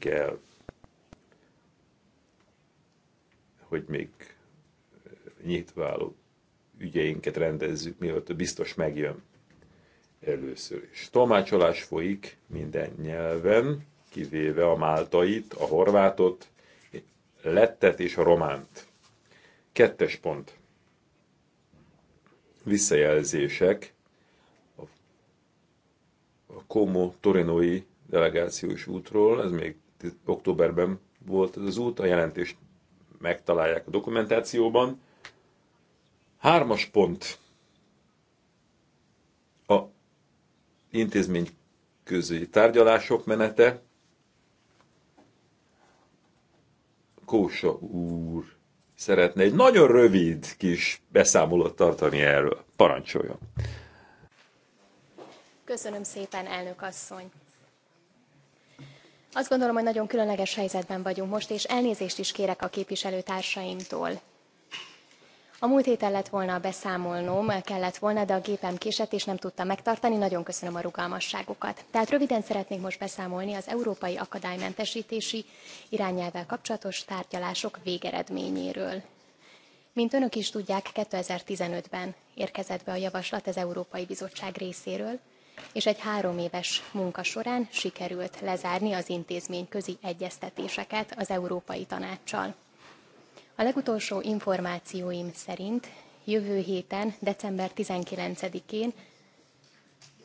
felejtsük el, hogy még eh, nyitváló ügyeinket rendezzük, mielőtt a biztos megjön először is. Tolmácsolás folyik minden nyelven, kivéve a máltait, a horvátot, lettet és a románt. Kettes pont. Visszajelzések a komo Torinoi delegációs útról, ez még októberben volt az út, a jelentést megtalálják a dokumentációban. Hármas pont a intézmény közé tárgyalások menete. Kósa úr szeretne egy nagyon rövid kis beszámolót tartani erről. Parancsoljon! Köszönöm szépen, elnök asszony! Azt gondolom, hogy nagyon különleges helyzetben vagyunk most, és elnézést is kérek a képviselőtársaimtól. A múlt héten lett volna beszámolnom, kellett volna, de a gépem késett, és nem tudtam megtartani. Nagyon köszönöm a rugalmasságukat. Tehát röviden szeretnék most beszámolni az Európai Akadálymentesítési irányelvvel kapcsolatos tárgyalások végeredményéről. Mint önök is tudják, 2015-ben érkezett be a javaslat az Európai Bizottság részéről, és egy három éves munka során sikerült lezárni az intézményközi egyeztetéseket az Európai Tanácssal. A legutolsó információim szerint jövő héten, december 19-én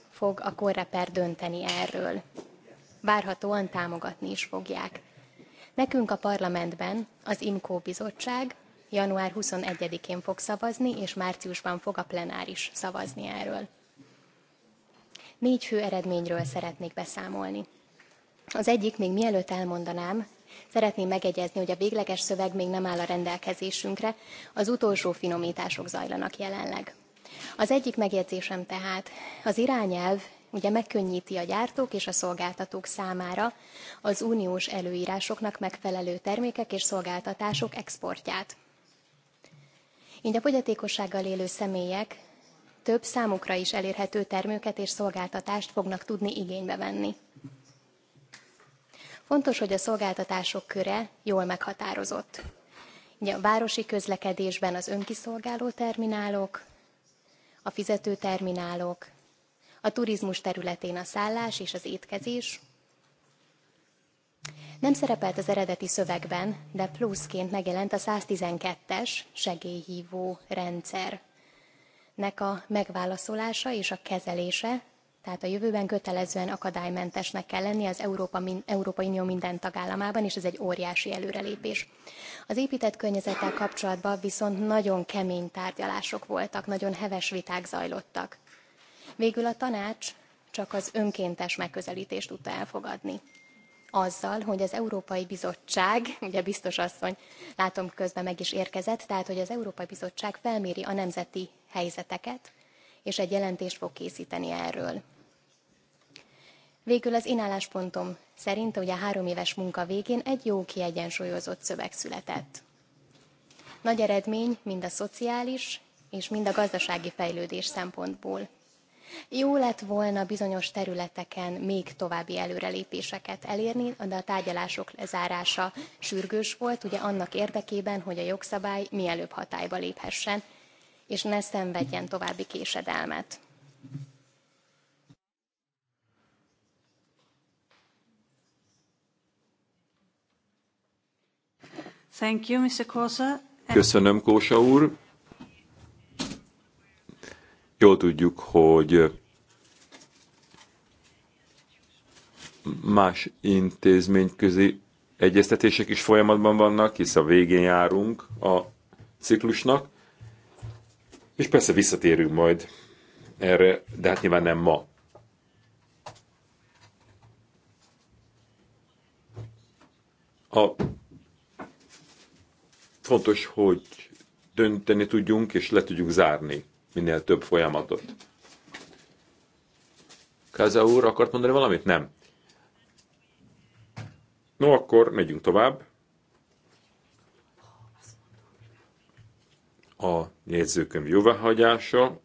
fog a Korreper dönteni erről. Várhatóan támogatni is fogják. Nekünk a parlamentben az IMKO bizottság január 21-én fog szavazni, és márciusban fog a plenáris szavazni erről. Négy fő eredményről szeretnék beszámolni. Az egyik, még mielőtt elmondanám, szeretném megegyezni, hogy a végleges szöveg még nem áll a rendelkezésünkre, az utolsó finomítások zajlanak jelenleg. Az egyik megjegyzésem tehát, az irányelv ugye megkönnyíti a gyártók és a szolgáltatók számára az uniós előírásoknak megfelelő termékek és szolgáltatások exportját. Így a fogyatékossággal élő személyek több számukra is elérhető terméket és szolgáltatást fognak tudni igénybe venni. Fontos, hogy a szolgáltatások köre jól meghatározott. Ugye a városi közlekedésben az önkiszolgáló terminálok, a fizető terminálok, a turizmus területén a szállás és az étkezés. Nem szerepelt az eredeti szövegben, de pluszként megjelent a 112-es segélyhívó rendszer nek a megválaszolása és a kezelése, tehát a jövőben kötelezően akadálymentesnek kell lenni az Európa, Európai Unió minden tagállamában, és ez egy óriási előrelépés. Az épített környezettel kapcsolatban viszont nagyon kemény tárgyalások voltak, nagyon heves viták zajlottak. Végül a tanács csak az önkéntes megközelítést tudta elfogadni azzal, hogy az Európai Bizottság, ugye biztos asszony, látom közben meg is érkezett, tehát hogy az Európai Bizottság felméri a nemzeti helyzeteket, és egy jelentést fog készíteni erről. Végül az én álláspontom szerint, ugye a három éves munka végén egy jó kiegyensúlyozott szöveg született. Nagy eredmény mind a szociális és mind a gazdasági fejlődés szempontból. Jó lett volna bizonyos területeken még további előrelépéseket elérni, de a tárgyalások lezárása sürgős volt, ugye annak érdekében, hogy a jogszabály mielőbb hatályba léphessen, és ne szenvedjen további késedelmet. Thank you, Mr. Kosa. Köszönöm, Kósa úr. Jól tudjuk, hogy más intézményközi egyeztetések is folyamatban vannak, hisz a végén járunk a ciklusnak, és persze visszatérünk majd erre, de hát nyilván nem ma. A fontos, hogy dönteni tudjunk, és le tudjuk zárni minél több folyamatot. Kaza úr akart mondani valamit? Nem. No, akkor megyünk tovább. A jegyzőkönyv jóváhagyása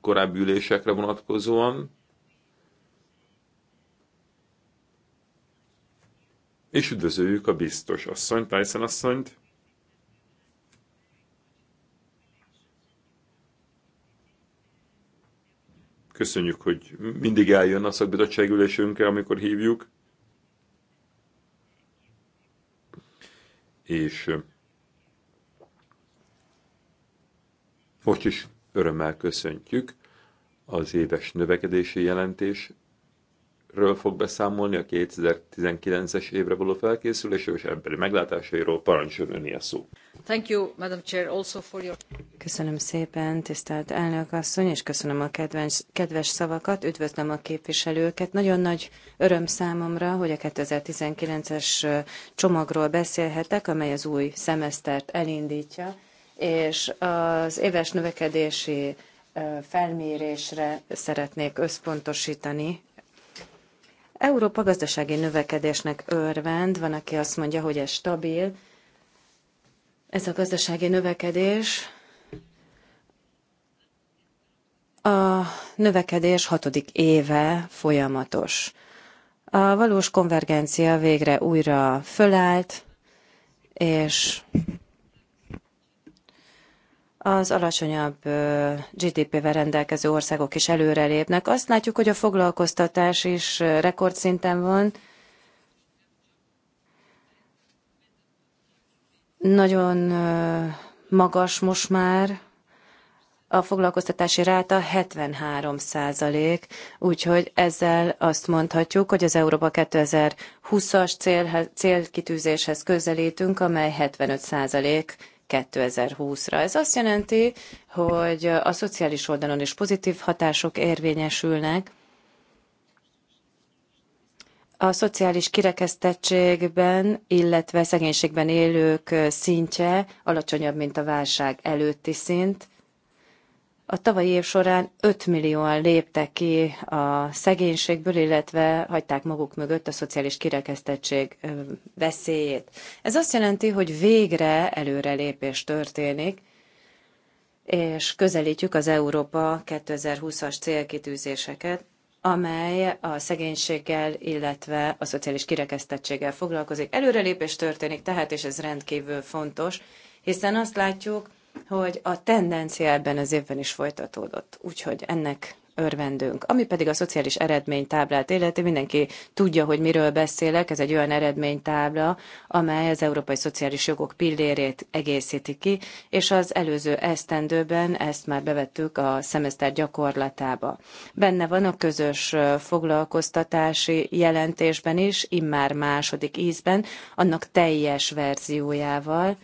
korábbi ülésekre vonatkozóan. És üdvözöljük a biztos asszonyt, Tyson asszonyt, Köszönjük, hogy mindig eljön a szakbizottság ülésünkre, amikor hívjuk. És most is örömmel köszöntjük az éves növekedési jelentés ről fog beszámolni a 2019-es évre való felkészülésről és emberi meglátásairól. Parancsoljon öné a szó. Thank you, Madam Chair, also for your... Köszönöm szépen, tisztelt elnök asszony, és köszönöm a kedves, kedves szavakat, üdvözlöm a képviselőket. Nagyon nagy öröm számomra, hogy a 2019-es csomagról beszélhetek, amely az új szemesztert elindítja, és az éves növekedési felmérésre szeretnék összpontosítani Európa gazdasági növekedésnek örvend, van, aki azt mondja, hogy ez stabil. Ez a gazdasági növekedés a növekedés hatodik éve folyamatos. A valós konvergencia végre újra fölállt, és az alacsonyabb GDP-vel rendelkező országok is előrelépnek. Azt látjuk, hogy a foglalkoztatás is rekordszinten van. Nagyon magas most már a foglalkoztatási ráta 73 százalék, úgyhogy ezzel azt mondhatjuk, hogy az Európa 2020-as célkitűzéshez közelítünk, amely 75 százalék 2020-ra. Ez azt jelenti, hogy a szociális oldalon is pozitív hatások érvényesülnek, a szociális kirekesztettségben, illetve szegénységben élők szintje alacsonyabb, mint a válság előtti szint, a tavalyi év során 5 millióan léptek ki a szegénységből, illetve hagyták maguk mögött a szociális kirekesztettség veszélyét. Ez azt jelenti, hogy végre előrelépés történik, és közelítjük az Európa 2020-as célkitűzéseket, amely a szegénységgel, illetve a szociális kirekesztettséggel foglalkozik. Előrelépés történik tehát, és ez rendkívül fontos, hiszen azt látjuk, hogy a tendencia ebben az évben is folytatódott. Úgyhogy ennek örvendünk. Ami pedig a szociális eredménytáblát illeti, mindenki tudja, hogy miről beszélek. Ez egy olyan eredménytábla, amely az európai szociális jogok pillérét egészíti ki, és az előző esztendőben ezt már bevettük a szemeszter gyakorlatába. Benne van a közös foglalkoztatási jelentésben is, immár második ízben, annak teljes verziójával,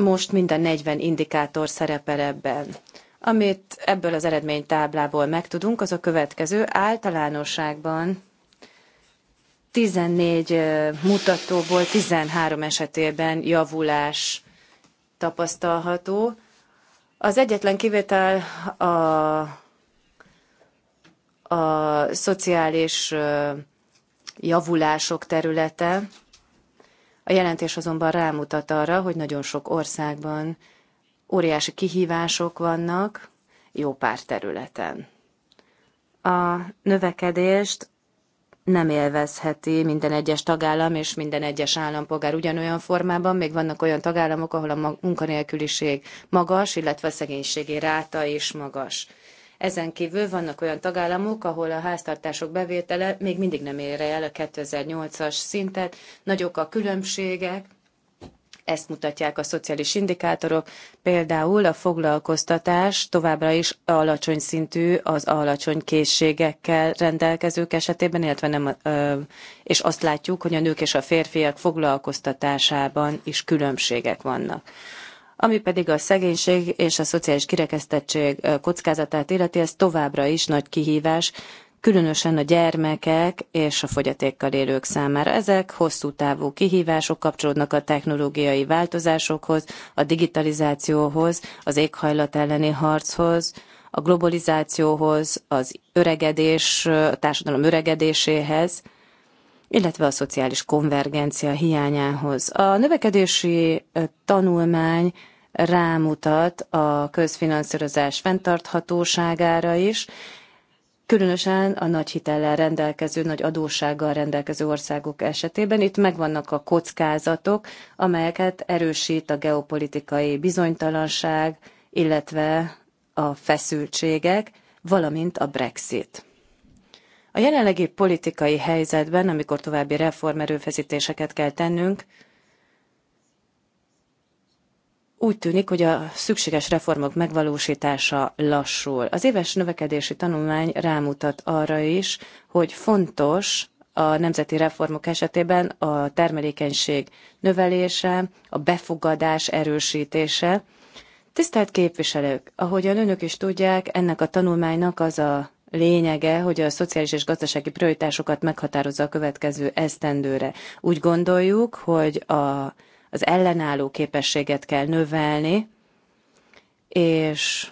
most mind a 40 indikátor szerepel ebben. Amit ebből az eredménytáblából megtudunk, az a következő. Általánosságban 14 mutatóból 13 esetében javulás tapasztalható. Az egyetlen kivétel a, a szociális javulások területe. A jelentés azonban rámutat arra, hogy nagyon sok országban óriási kihívások vannak jó pár területen. A növekedést nem élvezheti minden egyes tagállam és minden egyes állampolgár ugyanolyan formában. Még vannak olyan tagállamok, ahol a munkanélküliség magas, illetve a szegénységi ráta is magas. Ezen kívül vannak olyan tagállamok, ahol a háztartások bevétele még mindig nem ér el a 2008-as szintet, nagyok a különbségek, ezt mutatják a szociális indikátorok, például a foglalkoztatás továbbra is alacsony szintű az alacsony készségekkel rendelkezők esetében, illetve nem, és azt látjuk, hogy a nők és a férfiak foglalkoztatásában is különbségek vannak. Ami pedig a szegénység és a szociális kirekesztettség kockázatát illeti, ez továbbra is nagy kihívás, különösen a gyermekek és a fogyatékkal élők számára. Ezek hosszú távú kihívások kapcsolódnak a technológiai változásokhoz, a digitalizációhoz, az éghajlat elleni harchoz, a globalizációhoz, az öregedés, a társadalom öregedéséhez, illetve a szociális konvergencia hiányához. A növekedési tanulmány rámutat a közfinanszírozás fenntarthatóságára is, különösen a nagy hitellel rendelkező, nagy adóssággal rendelkező országok esetében. Itt megvannak a kockázatok, amelyeket erősít a geopolitikai bizonytalanság, illetve a feszültségek, valamint a Brexit. A jelenlegi politikai helyzetben, amikor további reformerőfeszítéseket kell tennünk, úgy tűnik, hogy a szükséges reformok megvalósítása lassul. Az éves növekedési tanulmány rámutat arra is, hogy fontos a nemzeti reformok esetében a termelékenység növelése, a befogadás erősítése. Tisztelt képviselők, ahogyan önök is tudják, ennek a tanulmánynak az a lényege, hogy a szociális és gazdasági prioritásokat meghatározza a következő esztendőre. Úgy gondoljuk, hogy a az ellenálló képességet kell növelni, és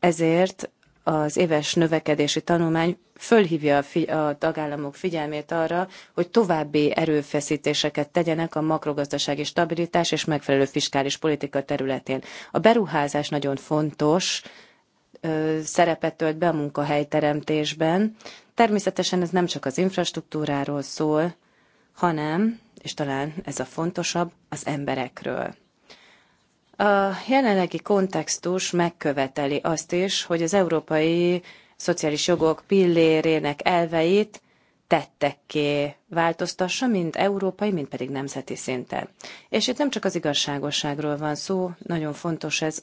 ezért az éves növekedési tanulmány fölhívja a, figy- a tagállamok figyelmét arra, hogy további erőfeszítéseket tegyenek a makrogazdasági stabilitás és megfelelő fiskális politika területén. A beruházás nagyon fontos ö, szerepet tölt be a munkahelyteremtésben. Természetesen ez nem csak az infrastruktúráról szól, hanem és talán ez a fontosabb, az emberekről. A jelenlegi kontextus megköveteli azt is, hogy az európai szociális jogok pillérének elveit tettekké változtassa, mind európai, mind pedig nemzeti szinten. És itt nem csak az igazságosságról van szó, nagyon fontos ez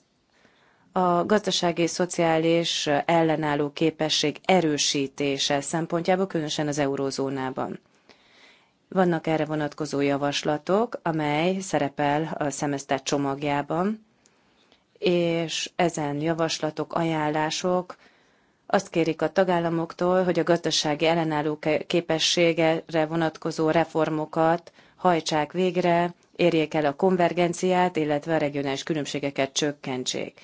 a gazdasági és szociális ellenálló képesség erősítése szempontjából, különösen az eurózónában. Vannak erre vonatkozó javaslatok, amely szerepel a szemeszter csomagjában, és ezen javaslatok, ajánlások azt kérik a tagállamoktól, hogy a gazdasági ellenálló képességre vonatkozó reformokat hajtsák végre, érjék el a konvergenciát, illetve a regionális különbségeket csökkentsék.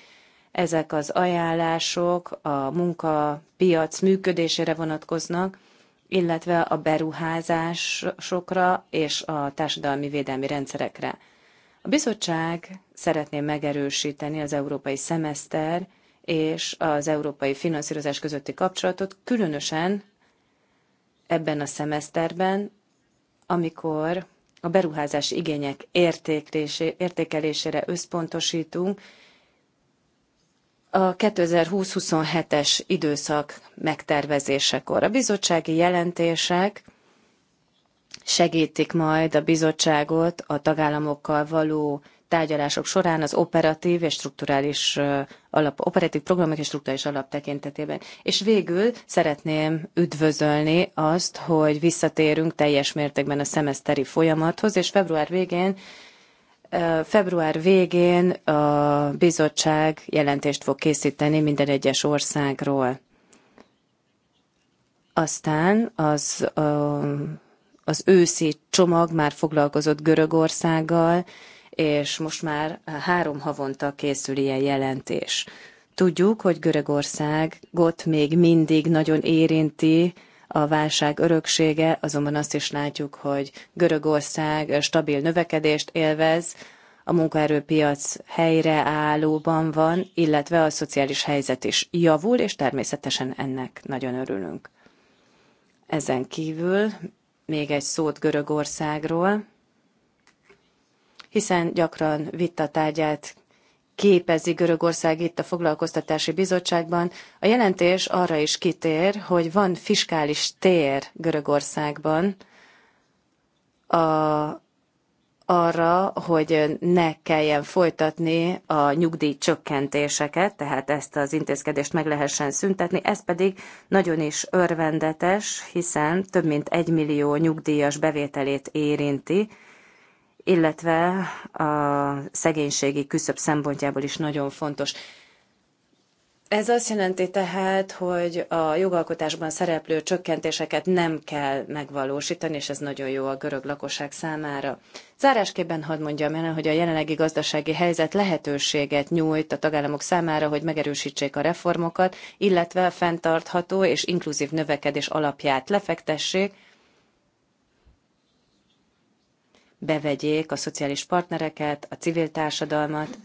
Ezek az ajánlások a munkapiac működésére vonatkoznak, illetve a beruházásokra és a társadalmi védelmi rendszerekre. A bizottság szeretné megerősíteni az európai szemeszter és az európai finanszírozás közötti kapcsolatot, különösen ebben a szemeszterben, amikor a beruházás igények értékelésére összpontosítunk, a 2020-27-es időszak megtervezésekor. A bizottsági jelentések segítik majd a bizottságot a tagállamokkal való tárgyalások során az operatív és strukturális alap, operatív programok és strukturális alap tekintetében. És végül szeretném üdvözölni azt, hogy visszatérünk teljes mértékben a szemeszteri folyamathoz, és február végén február végén a bizottság jelentést fog készíteni minden egyes országról. Aztán az, az őszi csomag már foglalkozott Görögországgal, és most már három havonta készül ilyen jelentés. Tudjuk, hogy Görögországot még mindig nagyon érinti a válság öröksége, azonban azt is látjuk, hogy Görögország stabil növekedést élvez, a munkaerőpiac helyreállóban van, illetve a szociális helyzet is javul, és természetesen ennek nagyon örülünk. Ezen kívül még egy szót Görögországról, hiszen gyakran a tárgyát képezi Görögország itt a Foglalkoztatási Bizottságban. A jelentés arra is kitér, hogy van fiskális tér Görögországban a, arra, hogy ne kelljen folytatni a nyugdíj csökkentéseket, tehát ezt az intézkedést meg lehessen szüntetni. Ez pedig nagyon is örvendetes, hiszen több mint egy millió nyugdíjas bevételét érinti, illetve a szegénységi küszöb szempontjából is nagyon fontos. Ez azt jelenti tehát, hogy a jogalkotásban szereplő csökkentéseket nem kell megvalósítani, és ez nagyon jó a görög lakosság számára. Zárásképpen hadd mondjam el, hogy a jelenlegi gazdasági helyzet lehetőséget nyújt a tagállamok számára, hogy megerősítsék a reformokat, illetve fenntartható és inkluzív növekedés alapját lefektessék, bevegyék a szociális partnereket, a civil társadalmat.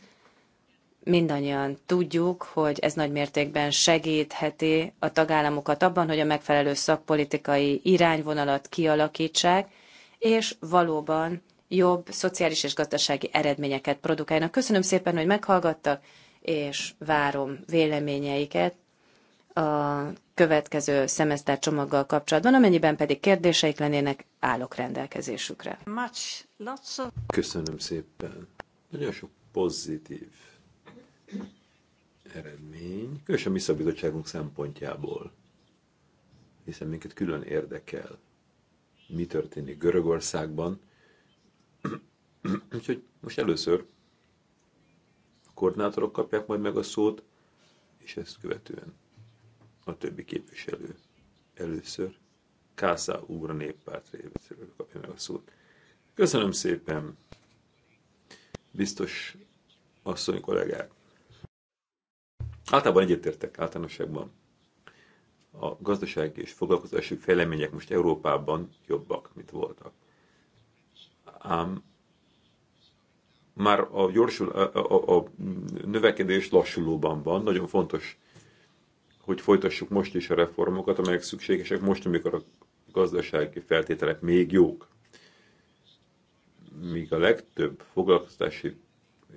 Mindannyian tudjuk, hogy ez nagy mértékben segítheti a tagállamokat abban, hogy a megfelelő szakpolitikai irányvonalat kialakítsák, és valóban jobb szociális és gazdasági eredményeket produkálnak. Köszönöm szépen, hogy meghallgattak, és várom véleményeiket a következő szemeszter csomaggal kapcsolatban, amennyiben pedig kérdéseik lennének, állok rendelkezésükre. Köszönöm szépen. Nagyon sok pozitív eredmény, különösen mi szabizottságunk szempontjából, hiszen minket külön érdekel, mi történik Görögországban. Úgyhogy most először a koordinátorok kapják majd meg a szót, és ezt követően a többi képviselő. Először Kásza úr a néppárt részéről kapja meg a szót. Köszönöm szépen, biztos asszony kollégák. Általában egyetértek általánosságban. A gazdaság és foglalkozási fejlemények most Európában jobbak, mint voltak. Ám már a, gyorsul, a, a, a növekedés lassulóban van, nagyon fontos hogy folytassuk most is a reformokat, amelyek szükségesek most, amikor a gazdasági feltételek még jók. Míg a legtöbb foglalkoztási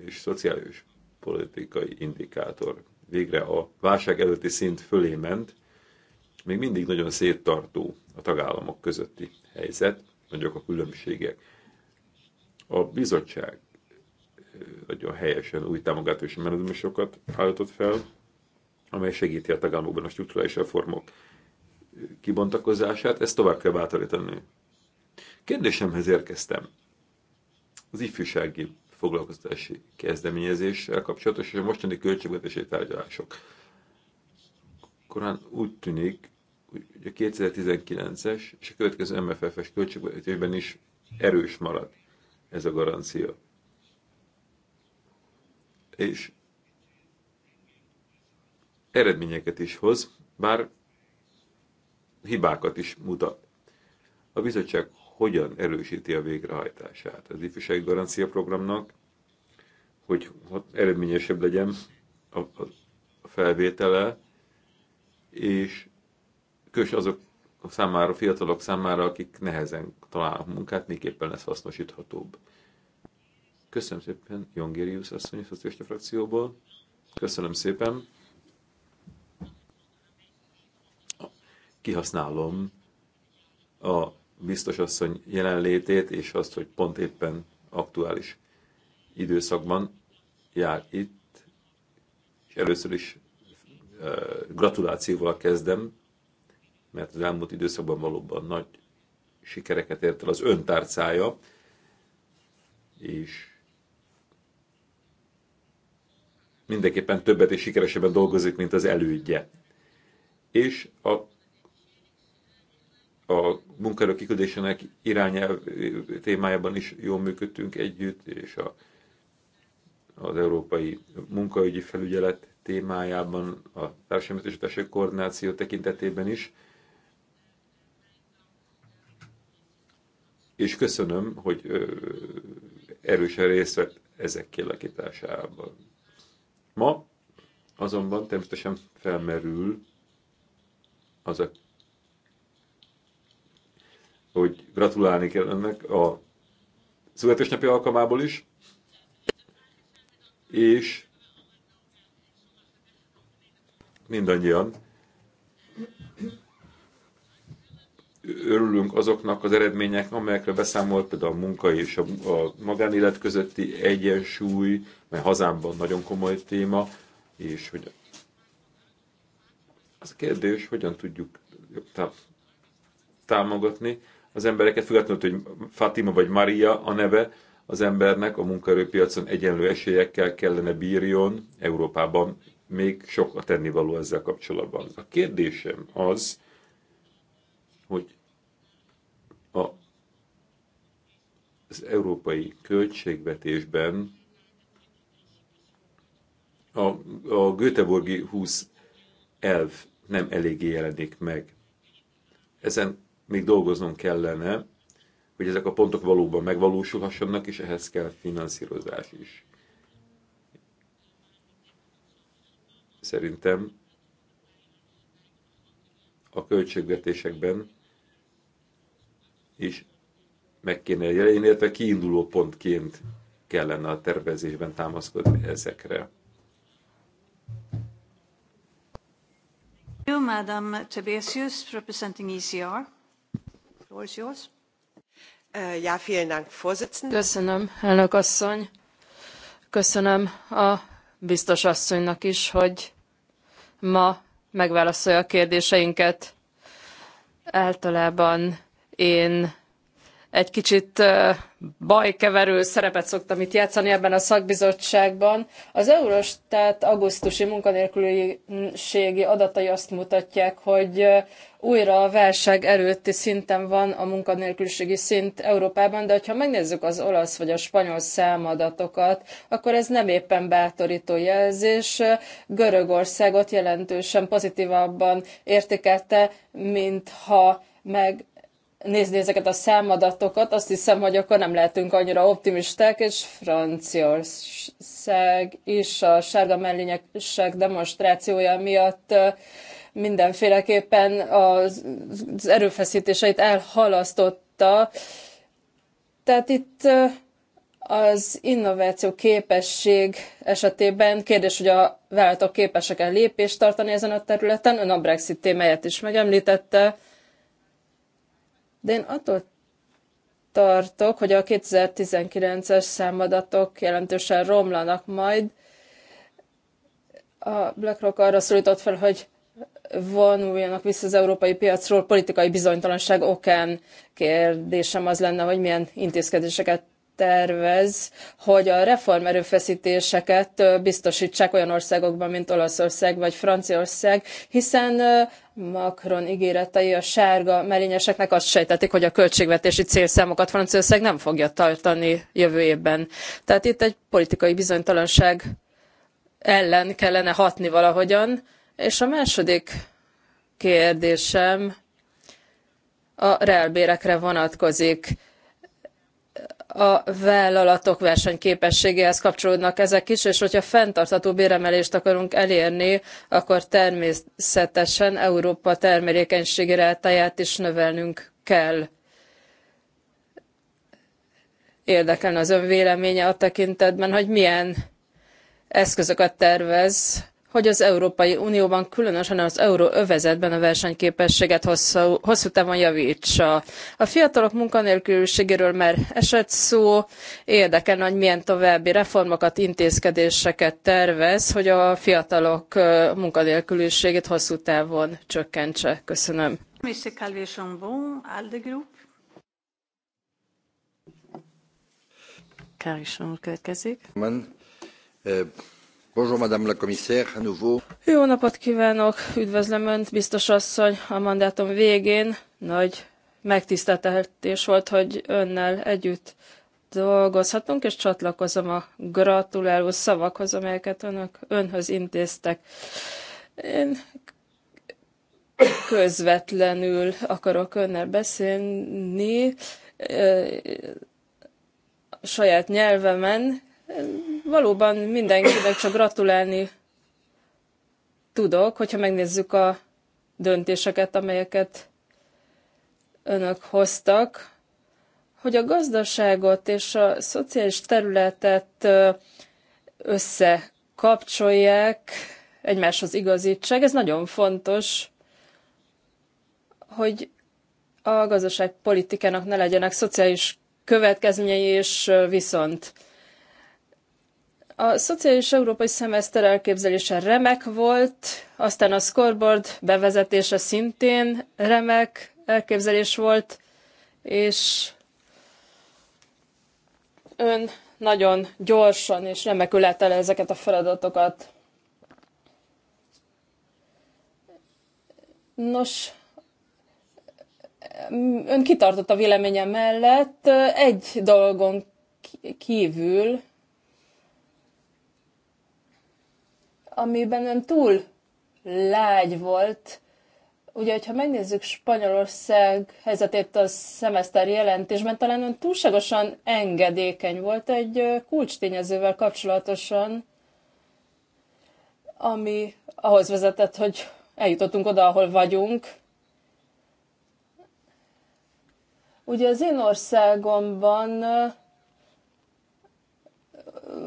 és szociális politikai indikátor végre a válság előtti szint fölé ment, még mindig nagyon széttartó a tagállamok közötti helyzet, nagyok a különbségek. A bizottság nagyon helyesen új támogatási menedmusokat állított fel, amely segíti a tagállamokban a struktúrális reformok kibontakozását, ezt tovább kell bátorítani. Kérdésemhez érkeztem. Az ifjúsági foglalkoztatási kezdeményezéssel kapcsolatos és a mostani költségvetési tárgyalások. Korán úgy tűnik, hogy a 2019-es és a következő MFF-es költségvetésben is erős marad ez a garancia. És eredményeket is hoz, bár hibákat is mutat. A bizottság hogyan erősíti a végrehajtását az ifjúsági garancia programnak, hogy eredményesebb legyen a, a felvétele, és kös azok számára, fiatalok számára, akik nehezen találnak munkát, miképpen lesz hasznosíthatóbb. Köszönöm szépen, Jongérius asszony, a frakcióból. Köszönöm szépen. kihasználom a biztos asszony jelenlétét, és azt, hogy pont éppen aktuális időszakban jár itt, és először is gratulációval kezdem, mert az elmúlt időszakban valóban nagy sikereket ért el az öntárcája, és mindenképpen többet és sikeresebben dolgozik, mint az elődje. És a a munkaerő kiküldésének irányelv témájában is jól működtünk együtt, és a, az Európai Munkaügyi Felügyelet témájában, a társadalmi biztosítási koordináció tekintetében is. És köszönöm, hogy ö, erősen részt vett ezek kialakításában. Ma azonban természetesen felmerül az a hogy gratulálni kell önnek a születésnapi alkalmából is, és mindannyian örülünk azoknak az eredményeknek, amelyekre beszámolt például a munka és a, a magánélet közötti egyensúly, mert hazámban nagyon komoly téma, és hogy az a kérdés, hogyan tudjuk támogatni az embereket, függetlenül, hogy Fatima vagy Maria a neve, az embernek a munkaerőpiacon egyenlő esélyekkel kellene bírjon, Európában még sok a tennivaló ezzel kapcsolatban. A kérdésem az, hogy a, az európai költségvetésben a, a Göteborgi 20 elv nem eléggé jelenik meg. Ezen még dolgoznom kellene, hogy ezek a pontok valóban megvalósulhassanak, és ehhez kell finanszírozás is. Szerintem a költségvetésekben is meg kéne jelenni, illetve kiinduló pontként kellene a tervezésben támaszkodni ezekre. You, Madam Tebesius, representing ECR. Uh, Köszönöm, elnök asszony. Köszönöm a biztos asszonynak is, hogy ma megválaszolja a kérdéseinket. Általában én egy kicsit bajkeverő szerepet szoktam itt játszani ebben a szakbizottságban. Az Eurostat augusztusi munkanélküliségi adatai azt mutatják, hogy újra a válság előtti szinten van a munkanélküliségi szint Európában, de ha megnézzük az olasz vagy a spanyol számadatokat, akkor ez nem éppen bátorító jelzés. Görögországot jelentősen pozitívabban értékelte, mintha meg nézni ezeket a számadatokat, azt hiszem, hogy akkor nem lehetünk annyira optimisták, és Franciaország is a sárga mellényesek demonstrációja miatt mindenféleképpen az erőfeszítéseit elhalasztotta. Tehát itt az innováció képesség esetében kérdés, hogy a vállalatok képesek-e lépést tartani ezen a területen. Ön a Brexit témáját is megemlítette de én attól tartok, hogy a 2019-es számadatok jelentősen romlanak majd. A BlackRock arra szólított fel, hogy vonuljanak vissza az európai piacról politikai bizonytalanság okán. Kérdésem az lenne, hogy milyen intézkedéseket tervez, hogy a reformerőfeszítéseket erőfeszítéseket biztosítsák olyan országokban, mint Olaszország vagy Franciaország, hiszen Macron ígéretei a sárga merényeseknek azt sejtetik, hogy a költségvetési célszámokat Franciaország nem fogja tartani jövő évben. Tehát itt egy politikai bizonytalanság ellen kellene hatni valahogyan. És a második kérdésem a reálbérekre vonatkozik a vállalatok versenyképességéhez kapcsolódnak ezek is, és hogyha fenntartható béremelést akarunk elérni, akkor természetesen Európa termelékenységére rátáját is növelnünk kell. Érdekelne az ön véleménye a tekintetben, hogy milyen eszközöket tervez hogy az Európai Unióban, különösen az euróövezetben a versenyképességet hosszú, hosszú távon javítsa. A fiatalok munkanélküliségéről már esett szó, érdekelne, hogy milyen további reformokat, intézkedéseket tervez, hogy a fiatalok munkanélküliségét hosszú távon csökkentse. Köszönöm. Mr. Calvé Kárison következik. Man, Bonjour, Madame la Commissaire, à nouveau. Jó napot kívánok, üdvözlöm Önt, biztos asszony, a mandátum végén. Nagy megtiszteltetés volt, hogy Önnel együtt dolgozhatunk, és csatlakozom a gratuláló szavakhoz, amelyeket önök önhöz intéztek. Én közvetlenül akarok önnel beszélni saját nyelvemen, valóban mindenkinek csak gratulálni tudok, hogyha megnézzük a döntéseket, amelyeket önök hoztak, hogy a gazdaságot és a szociális területet összekapcsolják, egymáshoz igazítsák. Ez nagyon fontos, hogy a gazdaságpolitikának ne legyenek szociális következményei és viszont a szociális európai szemeszter elképzelése remek volt, aztán a scoreboard bevezetése szintén remek elképzelés volt, és ön nagyon gyorsan és remekül el ezeket a feladatokat. Nos, ön kitartott a véleményem mellett egy dolgon kívül, amiben ön túl lágy volt. Ugye, ha megnézzük Spanyolország helyzetét a szemeszter jelentésben, talán ön túlságosan engedékeny volt egy kulcs tényezővel kapcsolatosan, ami ahhoz vezetett, hogy eljutottunk oda, ahol vagyunk. Ugye az én országomban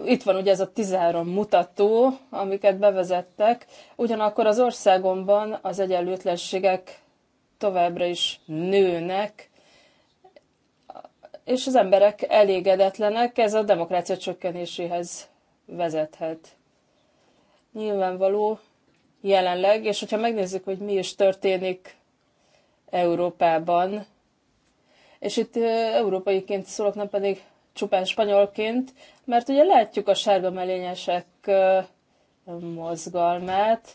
itt van ugye ez a 13 mutató, amiket bevezettek, ugyanakkor az országomban az egyenlőtlenségek továbbra is nőnek, és az emberek elégedetlenek, ez a demokrácia csökkenéséhez vezethet. Nyilvánvaló jelenleg, és hogyha megnézzük, hogy mi is történik Európában, és itt európaiként szólok, nem pedig csupán spanyolként, mert ugye látjuk a sárga melényesek mozgalmát,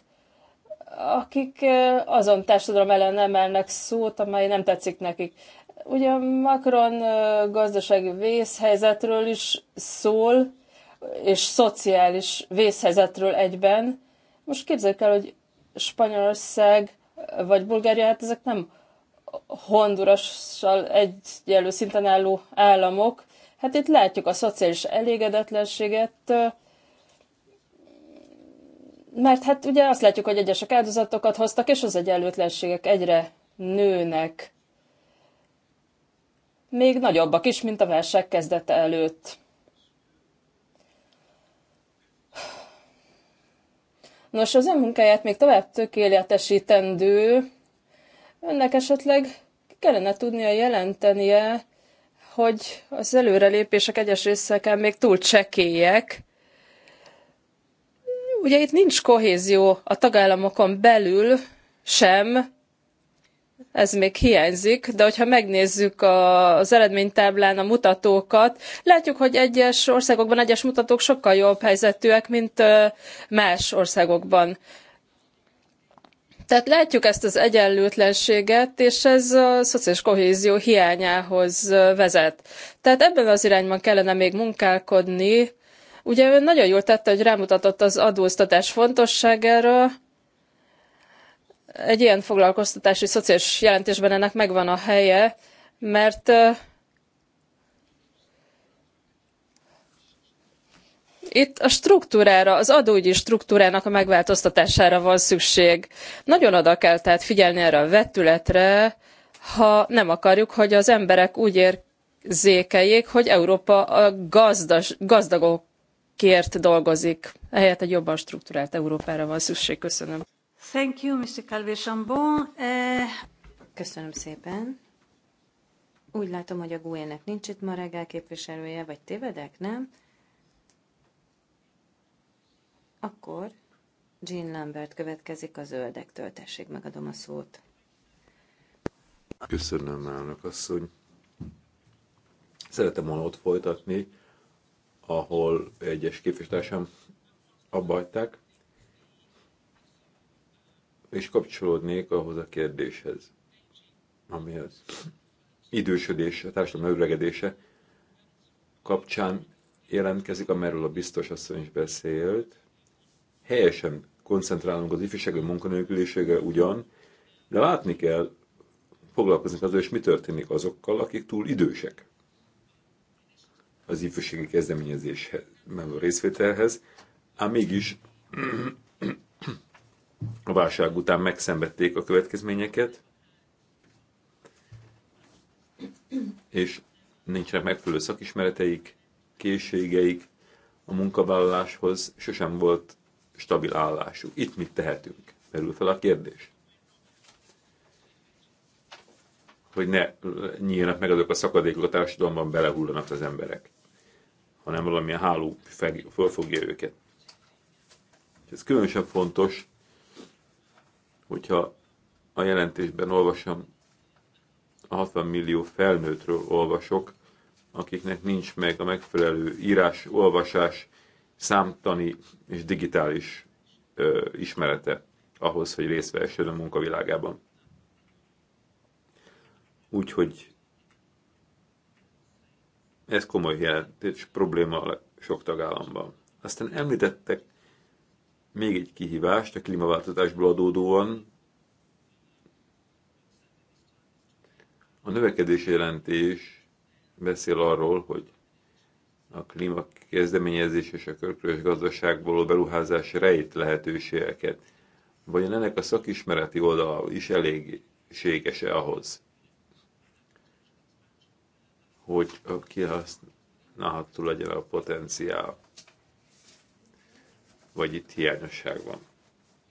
akik azon társadalom ellen emelnek szót, amely nem tetszik nekik. Ugye Macron gazdasági vészhelyzetről is szól, és szociális vészhelyzetről egyben. Most képzeljük el, hogy Spanyolország vagy Bulgária, hát ezek nem Hondurassal egyelő szinten álló államok, Hát itt látjuk a szociális elégedetlenséget, mert hát ugye azt látjuk, hogy egyesek áldozatokat hoztak, és az egyenlőtlenségek egyre nőnek. Még nagyobbak is, mint a versek kezdete előtt. Nos, az önmunkáját még tovább tökéletesítendő. Önnek esetleg kellene tudnia jelentenie hogy az előrelépések egyes részeken még túl csekélyek. Ugye itt nincs kohézió a tagállamokon belül sem, ez még hiányzik, de hogyha megnézzük a, az eredménytáblán a mutatókat, látjuk, hogy egyes országokban egyes mutatók sokkal jobb helyzetűek, mint más országokban. Tehát látjuk ezt az egyenlőtlenséget, és ez a szociális kohézió hiányához vezet. Tehát ebben az irányban kellene még munkálkodni. Ugye ön nagyon jól tette, hogy rámutatott az adóztatás fontosságára. Egy ilyen foglalkoztatási szociális jelentésben ennek megvan a helye, mert Itt a struktúrára, az adóügyi struktúrának a megváltoztatására van szükség. Nagyon oda kell tehát figyelni erre a vetületre, ha nem akarjuk, hogy az emberek úgy érzékeljék, hogy Európa a gazdas, gazdagokért dolgozik. Ehelyett egy jobban struktúrált Európára van szükség. Köszönöm. Thank you, Mr. calvé eh, Köszönöm szépen. Úgy látom, hogy a GUE-nek nincs itt ma reggel képviselője, vagy tévedek, nem? Akkor Jean Lambert következik a zöldektől. Tessék, megadom a szót. Köszönöm, elnök asszony. Szeretem volna ott folytatni, ahol egyes képviselősem abba hagyták, és kapcsolódnék ahhoz a kérdéshez, ami az idősödés, a társadalom öregedése kapcsán jelentkezik, amiről a biztos asszony is beszélt, Helyesen koncentrálunk az ifjúsági munkanélküliségre ugyan, de látni kell, foglalkozni azzal, és mi történik azokkal, akik túl idősek az ifjúsági kezdeményezéshez, a részvételhez, ám mégis a válság után megszenvedték a következményeket, és nincsenek megfelelő szakismereteik, készségeik a munkavállaláshoz, sosem volt stabil állású. Itt mit tehetünk? Merül fel a kérdés. Hogy ne nyíljanak meg azok a szakadékok a társadalomban, belehullanak az emberek, hanem valamilyen háló fölfogja őket. És ez különösen fontos, hogyha a jelentésben olvasom, a 60 millió felnőttről olvasok, akiknek nincs meg a megfelelő írás, olvasás, számtani és digitális ö, ismerete ahhoz, hogy részt vehessen a munkavilágában. Úgyhogy ez komoly jelentés probléma sok tagállamban. Aztán említettek még egy kihívást a klímaváltozásból adódóan. A növekedési jelentés beszél arról, hogy a klímakezdeményezés és a körkörös gazdaságból a beruházás rejt lehetőségeket. Vajon ennek a szakismereti oldala is elégséges-e ahhoz, hogy kihasználható legyen a potenciál, vagy itt hiányosság van.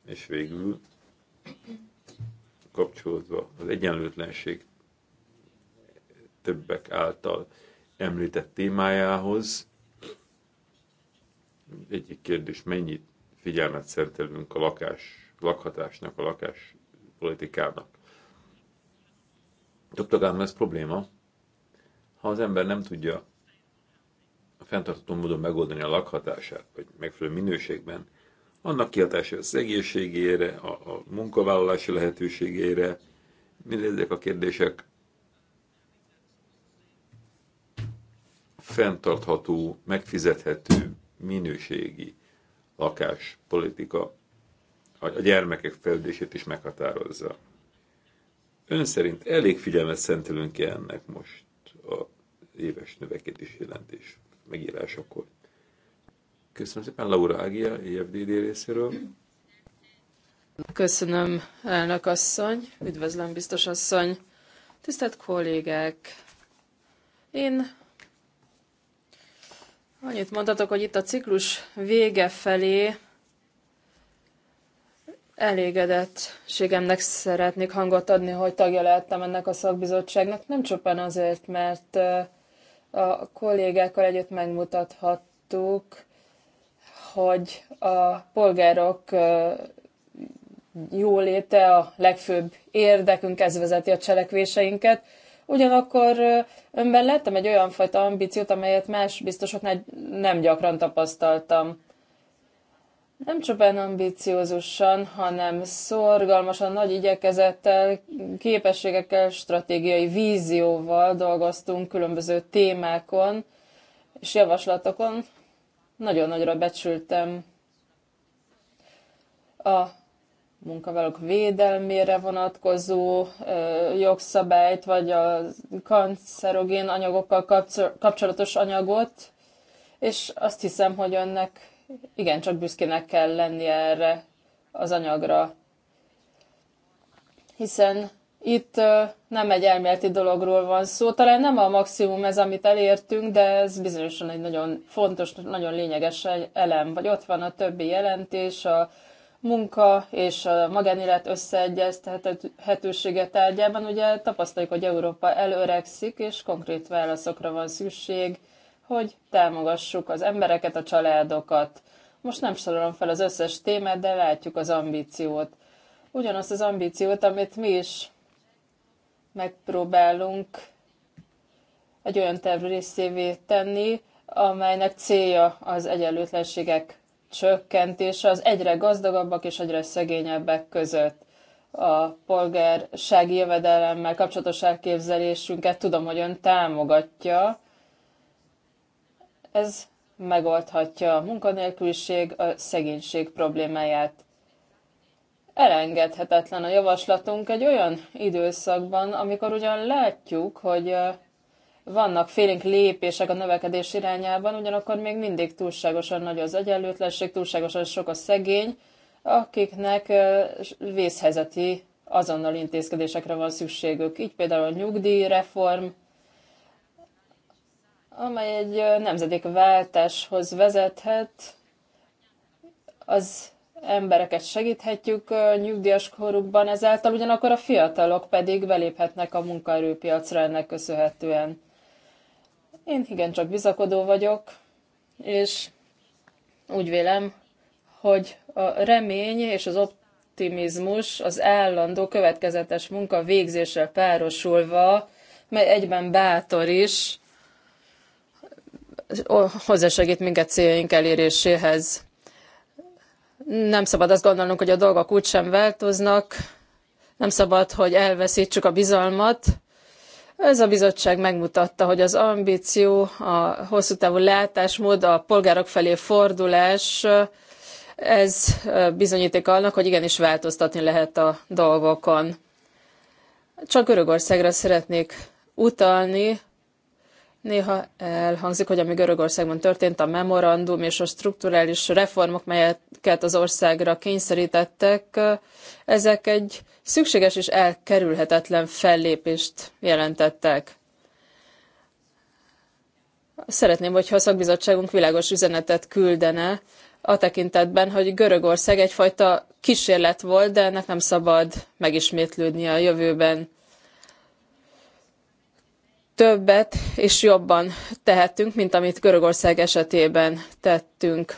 És végül kapcsolódva az egyenlőtlenség többek által említett témájához. Egyik kérdés, mennyit figyelmet szentelünk a lakás, lakhatásnak, a lakás politikának. Több ez probléma. Ha az ember nem tudja a fenntartható módon megoldani a lakhatását, vagy megfelelő minőségben, annak kihatása az egészségére, a, a munkavállalási lehetőségére, mindezek a kérdések fenntartható, megfizethető, minőségi lakáspolitika a gyermekek fejlődését is meghatározza. Ön szerint elég figyelmet szentelünk ki -e ennek most a éves növekedés jelentés megírásakor? Köszönöm szépen, Laura Ágia, EFDD részéről. Köszönöm, elnök asszony. Üdvözlöm, biztos asszony. Tisztelt kollégák! Én Annyit mondhatok, hogy itt a ciklus vége felé elégedettségemnek szeretnék hangot adni, hogy tagja lehettem ennek a szakbizottságnak, nem csupán azért, mert a kollégákkal együtt megmutathattuk, hogy a polgárok jóléte a legfőbb érdekünk, ez vezeti a cselekvéseinket, Ugyanakkor önben lettem egy olyan fajta ambíciót, amelyet más biztosoknál nem gyakran tapasztaltam. Nem csupán ambíciózusan, hanem szorgalmasan, nagy igyekezettel, képességekkel, stratégiai vízióval dolgoztunk különböző témákon és javaslatokon. Nagyon nagyra becsültem a munkavállalók védelmére vonatkozó jogszabályt, vagy a kancerogén anyagokkal kapcsolatos anyagot, és azt hiszem, hogy önnek igencsak büszkének kell lennie erre az anyagra. Hiszen itt nem egy elméleti dologról van szó, talán nem a maximum ez, amit elértünk, de ez bizonyosan egy nagyon fontos, nagyon lényeges elem. Vagy ott van a többi jelentés, a munka és a magánélet összeegyeztethetősége tárgyában ugye tapasztaljuk, hogy Európa előregszik, és konkrét válaszokra van szükség, hogy támogassuk az embereket, a családokat. Most nem sorolom fel az összes témát, de látjuk az ambíciót. Ugyanazt az ambíciót, amit mi is megpróbálunk egy olyan terv részévé tenni, amelynek célja az egyenlőtlenségek csökkentése az egyre gazdagabbak és egyre szegényebbek között a polgársági jövedelemmel kapcsolatos elképzelésünket tudom, hogy ön támogatja. Ez megoldhatja a munkanélküliség, a szegénység problémáját. Elengedhetetlen a javaslatunk egy olyan időszakban, amikor ugyan látjuk, hogy vannak félénk lépések a növekedés irányában, ugyanakkor még mindig túlságosan nagy az egyenlőtlenség, túlságosan sok a szegény, akiknek vészhelyzeti azonnal intézkedésekre van szükségük. Így például a nyugdíjreform, amely egy nemzedékváltáshoz vezethet, az embereket segíthetjük nyugdíjas korukban ezáltal, ugyanakkor a fiatalok pedig beléphetnek a munkaerőpiacra ennek köszönhetően. Én csak bizakodó vagyok, és úgy vélem, hogy a remény és az optimizmus az állandó következetes munka végzéssel párosulva, mely egyben bátor is, hozzásegít minket céljaink eléréséhez. Nem szabad azt gondolnunk, hogy a dolgok úgysem változnak, nem szabad, hogy elveszítsük a bizalmat, ez a bizottság megmutatta, hogy az ambíció, a hosszú távú látásmód, a polgárok felé fordulás, ez bizonyíték annak, hogy igenis változtatni lehet a dolgokon. Csak Görögországra szeretnék utalni, Néha elhangzik, hogy ami Görögországban történt, a memorandum és a strukturális reformok, melyeket az országra kényszerítettek, ezek egy szükséges és elkerülhetetlen fellépést jelentettek. Szeretném, hogyha a szakbizottságunk világos üzenetet küldene a tekintetben, hogy Görögország egyfajta kísérlet volt, de ennek nem szabad megismétlődnie a jövőben többet és jobban tehetünk, mint amit Görögország esetében tettünk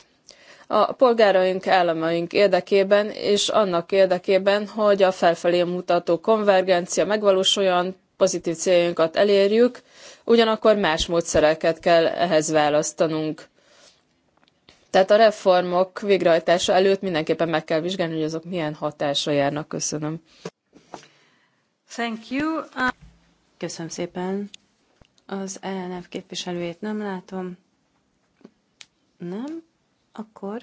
a polgáraink, államaink érdekében, és annak érdekében, hogy a felfelé mutató konvergencia megvalósuljon, pozitív céljainkat elérjük, ugyanakkor más módszereket kell ehhez választanunk. Tehát a reformok végrehajtása előtt mindenképpen meg kell vizsgálni, hogy azok milyen hatásra járnak. Köszönöm. Thank you. Uh, Köszönöm szépen. Az LNF e képviselőjét nem látom. Nem? Akkor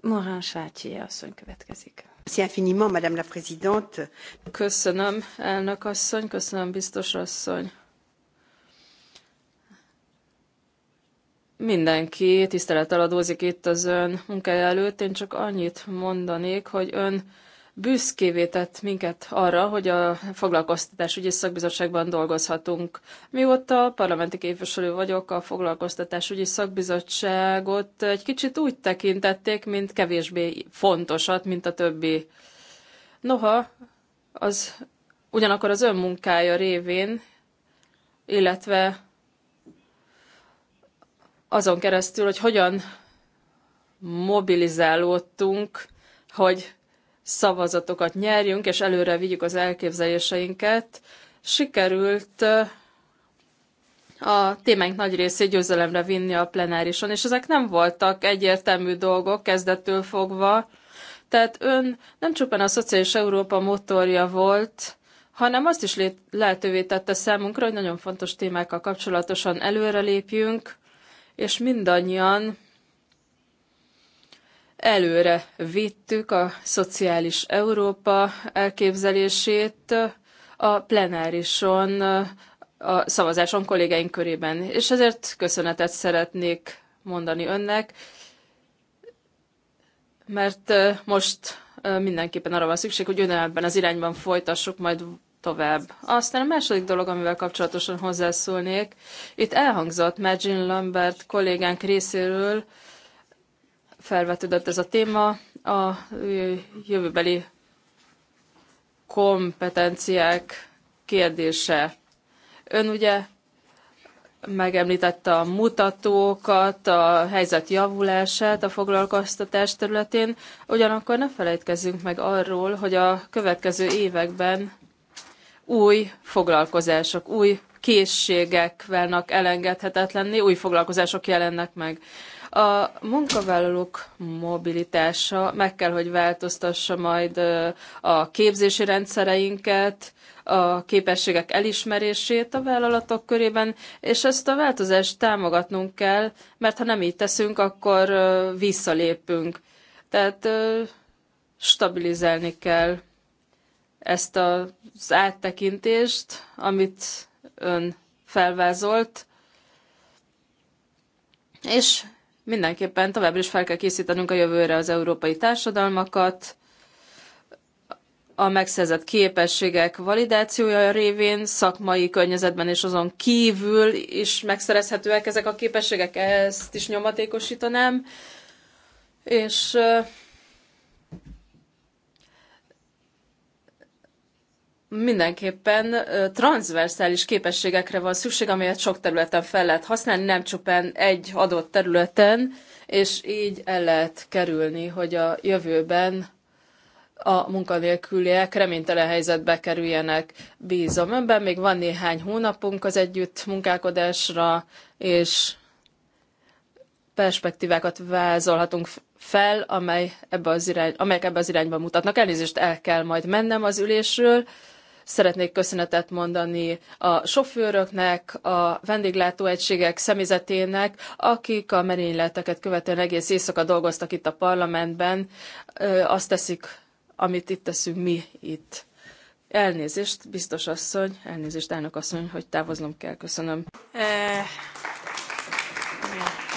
Morán Sátyi asszony következik. Köszönöm, elnök asszony, köszönöm, biztos asszony. Mindenki tisztelettel adózik itt az ön munkája előtt. Én csak annyit mondanék, hogy ön büszkévé tett minket arra, hogy a foglalkoztatásügyi szakbizottságban dolgozhatunk. Mióta parlamenti képviselő vagyok, a foglalkoztatásügyi szakbizottságot egy kicsit úgy tekintették, mint kevésbé fontosat, mint a többi. Noha, az ugyanakkor az önmunkája révén, illetve azon keresztül, hogy hogyan mobilizálódtunk, hogy szavazatokat nyerjünk, és előre vigyük az elképzeléseinket, sikerült a témáink nagy részét győzelemre vinni a plenárison, és ezek nem voltak egyértelmű dolgok kezdettől fogva. Tehát ön nem csupán a Szociális Európa motorja volt, hanem azt is lehetővé tette számunkra, hogy nagyon fontos témákkal kapcsolatosan előrelépjünk, és mindannyian Előre vittük a szociális Európa elképzelését a plenárison, a szavazáson kollégáink körében, és ezért köszönetet szeretnék mondani önnek, mert most mindenképpen arra van szükség, hogy önelben az irányban folytassuk majd tovább. Aztán a második dolog, amivel kapcsolatosan hozzászólnék, itt elhangzott Magin Lambert kollégánk részéről, felvetődött ez a téma, a jövőbeli kompetenciák kérdése. Ön ugye megemlítette a mutatókat, a helyzet javulását a foglalkoztatás területén, ugyanakkor ne felejtkezzünk meg arról, hogy a következő években új foglalkozások, új készségek válnak elengedhetetlenné, új foglalkozások jelennek meg. A munkavállalók mobilitása meg kell, hogy változtassa majd a képzési rendszereinket, a képességek elismerését a vállalatok körében, és ezt a változást támogatnunk kell, mert ha nem így teszünk, akkor visszalépünk. Tehát stabilizálni kell ezt az áttekintést, amit ön felvázolt, és Mindenképpen továbbra is fel kell készítenünk a jövőre az európai társadalmakat, a megszerzett képességek validációja révén szakmai környezetben és azon kívül is megszerezhetőek ezek a képességek, ezt is nyomatékosítanám. És mindenképpen transzverszális képességekre van szükség, amelyet sok területen fel lehet használni, nem csupán egy adott területen, és így el lehet kerülni, hogy a jövőben a munkanélküliek reménytelen helyzetbe kerüljenek. Bízom önben, még van néhány hónapunk az együtt munkálkodásra, és perspektívákat vázolhatunk fel, amely ebbe az irány, amelyek ebbe az irányba mutatnak. Elnézést el kell majd mennem az ülésről. Szeretnék köszönetet mondani a sofőröknek, a vendéglátóegységek személyzetének, akik a merényleteket követően egész éjszaka dolgoztak itt a parlamentben. Azt teszik, amit itt teszünk mi itt. Elnézést, biztos asszony, elnézést, elnök asszony, hogy távoznom kell. Köszönöm. Uh, yeah,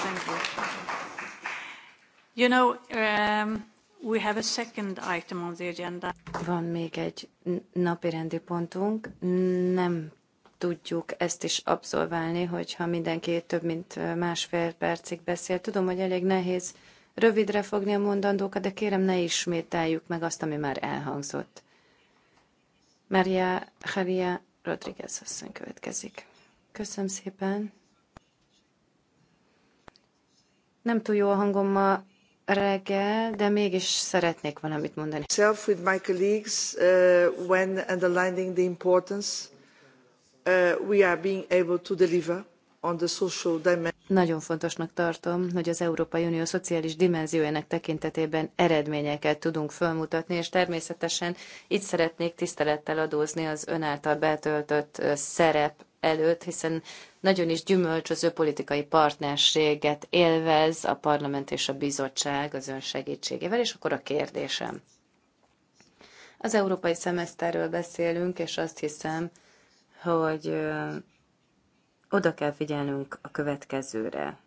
thank you. you know, um... We have a second item on the agenda. Van még egy napi rendi pontunk. Nem tudjuk ezt is abszolválni, hogyha mindenki több mint másfél percig beszél. Tudom, hogy elég nehéz rövidre fogni a mondandókat, de kérem ne ismételjük meg azt, ami már elhangzott. Maria Javier Rodriguez asszony következik. Köszönöm szépen. Nem túl jó a hangom ma, reggel, de mégis szeretnék valamit mondani. Self with my colleagues uh, when underlining the importance uh, we are being able to deliver on the social dimension. Nagyon fontosnak tartom, hogy az Európai Unió szociális dimenziójának tekintetében eredményeket tudunk fölmutatni, és természetesen itt szeretnék tisztelettel adózni az ön által betöltött uh, szerep előtt, hiszen nagyon is gyümölcsöző politikai partnerséget élvez a parlament és a bizottság az ön segítségével, és akkor a kérdésem. Az európai szemeszterről beszélünk, és azt hiszem, hogy oda kell figyelnünk a következőre.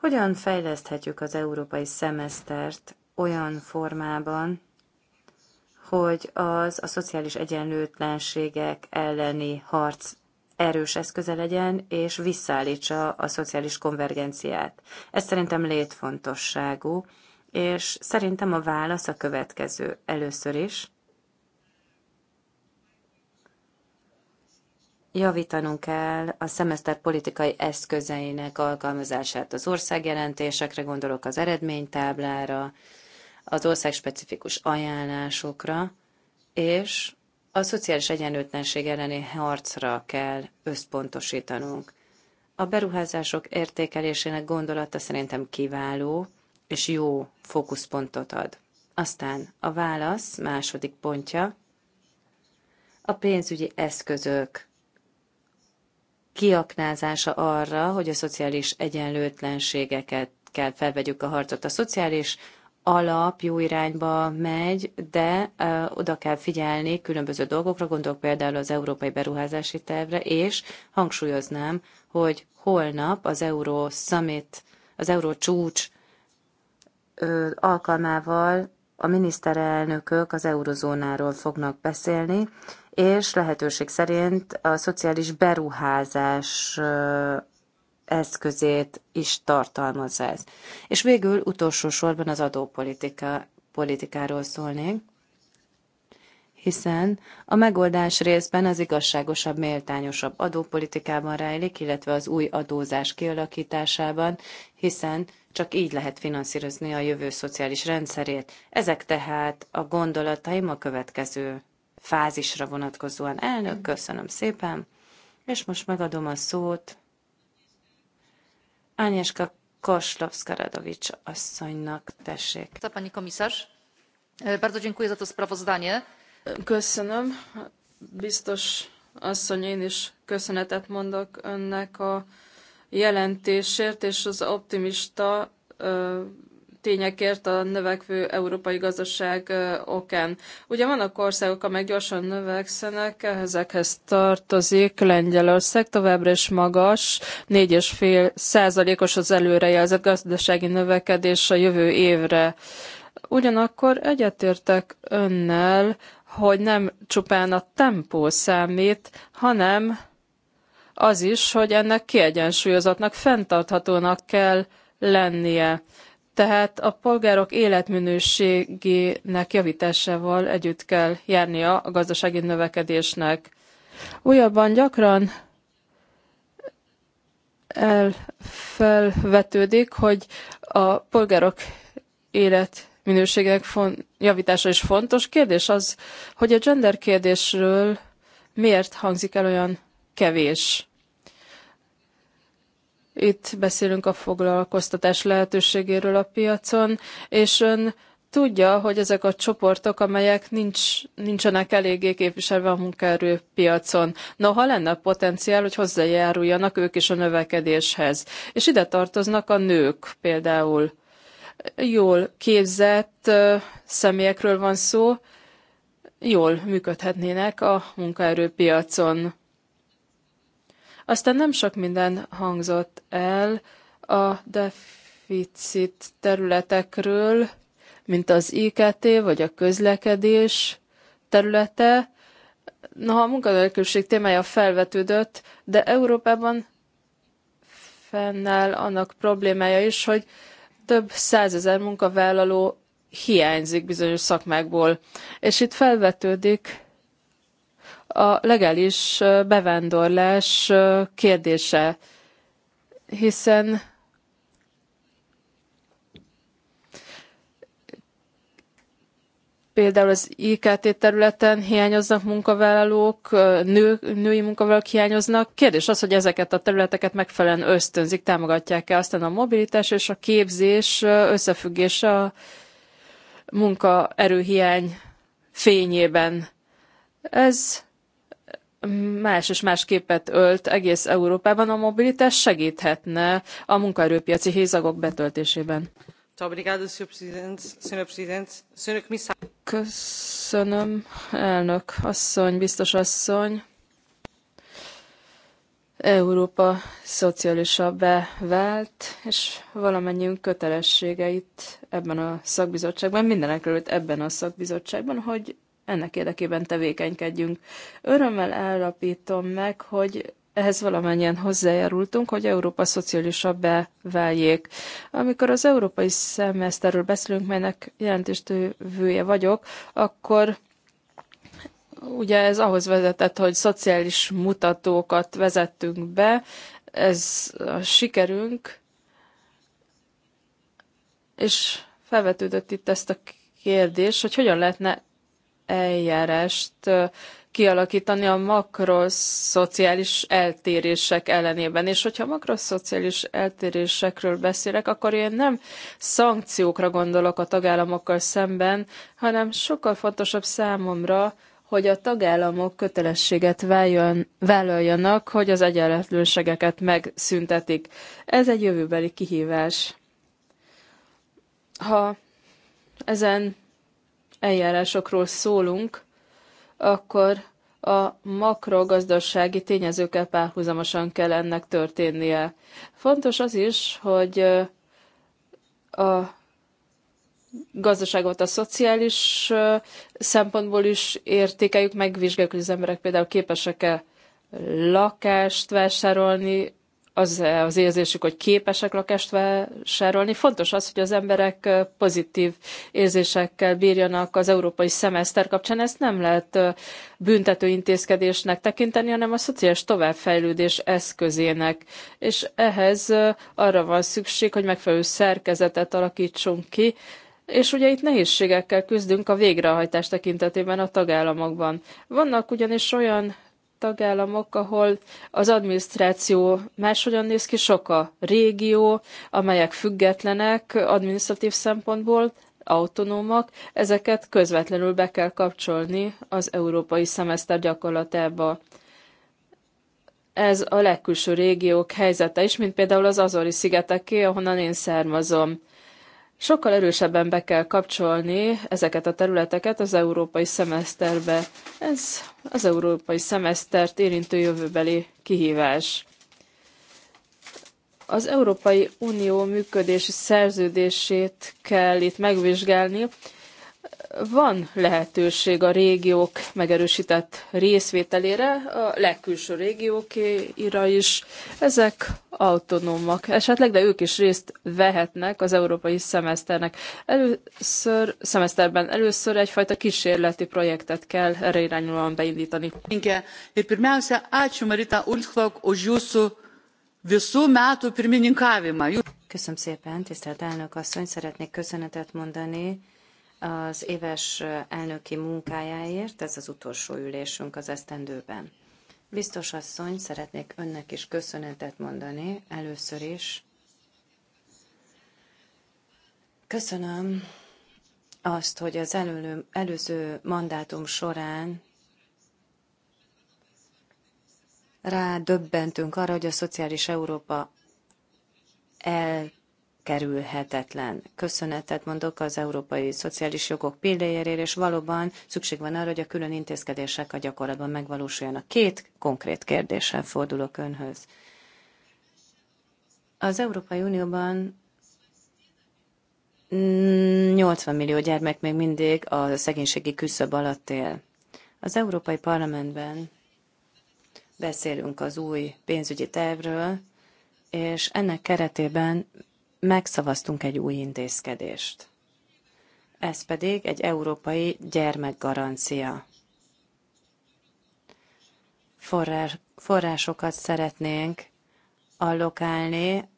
Hogyan fejleszthetjük az európai szemesztert olyan formában, hogy az a szociális egyenlőtlenségek elleni harc erős eszköze legyen, és visszaállítsa a szociális konvergenciát. Ez szerintem létfontosságú, és szerintem a válasz a következő. Először is javítanunk kell a szemeszter politikai eszközeinek alkalmazását az országjelentésekre, gondolok az eredménytáblára, az országspecifikus ajánlásokra, és a szociális egyenlőtlenség elleni harcra kell összpontosítanunk. A beruházások értékelésének gondolata szerintem kiváló és jó fókuszpontot ad. Aztán a válasz második pontja a pénzügyi eszközök kiaknázása arra, hogy a szociális egyenlőtlenségeket kell felvegyük a harcot. A szociális alap jó irányba megy, de ö, oda kell figyelni különböző dolgokra, gondolok például az európai beruházási tervre, és hangsúlyoznám, hogy holnap az Euró Summit, az Euró csúcs ö, alkalmával a miniszterelnökök az eurozónáról fognak beszélni, és lehetőség szerint a szociális beruházás eszközét is tartalmazza ez. És végül utolsó sorban az adópolitika politikáról szólnék, hiszen a megoldás részben az igazságosabb, méltányosabb adópolitikában rejlik, illetve az új adózás kialakításában, hiszen csak így lehet finanszírozni a jövő szociális rendszerét. Ezek tehát a gondolataim a következő fázisra vonatkozóan. Elnök, köszönöm szépen, és most megadom a szót Agnieszka Koszlowska-Radowicz asszonynak tessék. Pani komisarz, e, bardzo dziękuję za to sprawozdanie. Köszönöm. Biztos asszony, én is köszönetet mondok önnek a jelentésért, és az optimista e, tényekért a növekvő európai gazdaság okán. Ugye vannak országok, amelyek gyorsan növekszenek, ezekhez tartozik Lengyelország, továbbra is magas, 4,5 százalékos az előrejelzett gazdasági növekedés a jövő évre. Ugyanakkor egyetértek önnel, hogy nem csupán a tempó számít, hanem az is, hogy ennek kiegyensúlyozatnak fenntarthatónak kell lennie tehát a polgárok életminőségének javításával együtt kell járnia a gazdasági növekedésnek. Újabban gyakran elfelvetődik, hogy a polgárok életminőségének javítása is fontos. Kérdés az, hogy a gender kérdésről miért hangzik el olyan kevés? Itt beszélünk a foglalkoztatás lehetőségéről a piacon, és ön tudja, hogy ezek a csoportok, amelyek nincs, nincsenek eléggé képviselve a munkaerőpiacon. Noha lenne potenciál, hogy hozzájáruljanak ők is a növekedéshez. És ide tartoznak a nők például. Jól képzett személyekről van szó, jól működhetnének a munkaerőpiacon. Aztán nem sok minden hangzott el a deficit területekről, mint az IKT vagy a közlekedés területe. Noha a munkanélküliség témája felvetődött, de Európában fennáll annak problémája is, hogy több százezer munkavállaló hiányzik bizonyos szakmákból. És itt felvetődik a legális bevándorlás kérdése, hiszen például az IKT területen hiányoznak munkavállalók, nő, női munkavállalók hiányoznak. Kérdés az, hogy ezeket a területeket megfelelően ösztönzik, támogatják-e. Aztán a mobilitás és a képzés összefüggése a munkaerőhiány fényében. Ez más és más képet ölt egész Európában, a mobilitás segíthetne a munkaerőpiaci hézagok betöltésében. Köszönöm, elnök asszony, biztos asszony. Európa szociálisabbá vált, és valamennyiünk kötelességeit ebben a szakbizottságban, mindenek előtt ebben a szakbizottságban, hogy ennek érdekében tevékenykedjünk. Örömmel állapítom meg, hogy ehhez valamennyien hozzájárultunk, hogy Európa szociálisabbá váljék. Amikor az európai szemeszterről beszélünk, melynek jelentéstővője vagyok, akkor ugye ez ahhoz vezetett, hogy szociális mutatókat vezettünk be, ez a sikerünk, és felvetődött itt ezt a kérdés, hogy hogyan lehetne eljárást kialakítani a makroszociális eltérések ellenében. És hogyha makroszociális eltérésekről beszélek, akkor én nem szankciókra gondolok a tagállamokkal szemben, hanem sokkal fontosabb számomra, hogy a tagállamok kötelességet váljon, vállaljanak, hogy az egyenlőtlenségeket megszüntetik. Ez egy jövőbeli kihívás. Ha ezen eljárásokról szólunk, akkor a makrogazdasági tényezőkkel párhuzamosan kell ennek történnie. Fontos az is, hogy a gazdaságot a szociális szempontból is értékeljük, megvizsgáljuk, hogy az emberek például képesek-e lakást vásárolni, az az érzésük, hogy képesek lakást vásárolni. Fontos az, hogy az emberek pozitív érzésekkel bírjanak az európai szemeszter kapcsán. Ezt nem lehet büntető intézkedésnek tekinteni, hanem a szociális továbbfejlődés eszközének. És ehhez arra van szükség, hogy megfelelő szerkezetet alakítsunk ki, és ugye itt nehézségekkel küzdünk a végrehajtás tekintetében a tagállamokban. Vannak ugyanis olyan tagállamok, ahol az adminisztráció máshogyan néz ki, sok a régió, amelyek függetlenek adminisztratív szempontból, autonómak, ezeket közvetlenül be kell kapcsolni az európai szemeszter gyakorlatába. Ez a legkülső régiók helyzete is, mint például az Azori szigeteké, ahonnan én származom. Sokkal erősebben be kell kapcsolni ezeket a területeket az európai szemeszterbe. Ez az európai szemesztert érintő jövőbeli kihívás. Az Európai Unió működési szerződését kell itt megvizsgálni, van lehetőség a régiók megerősített részvételére, a legkülső régiókéra is. Ezek autonómak esetleg, de ők is részt vehetnek az európai szemeszternek. Először, szemeszterben először egyfajta kísérleti projektet kell erre irányulóan beindítani. Köszönöm szépen, tisztelt elnök asszony, szeretnék köszönetet mondani az éves elnöki munkájáért, ez az utolsó ülésünk az esztendőben. Biztos asszony, szeretnék önnek is köszönetet mondani, először is. Köszönöm azt, hogy az előlő, előző mandátum során rádöbbentünk arra, hogy a szociális Európa el kerülhetetlen. Köszönetet mondok az európai szociális jogok pilléjéről, és valóban szükség van arra, hogy a külön intézkedések a gyakorlatban megvalósuljanak. Két konkrét kérdéssel fordulok önhöz. Az Európai Unióban 80 millió gyermek még mindig a szegénységi küszöb alatt él. Az Európai Parlamentben beszélünk az új pénzügyi tervről, és ennek keretében megszavaztunk egy új intézkedést. Ez pedig egy európai gyermekgarancia. Forrás, forrásokat szeretnénk allokálni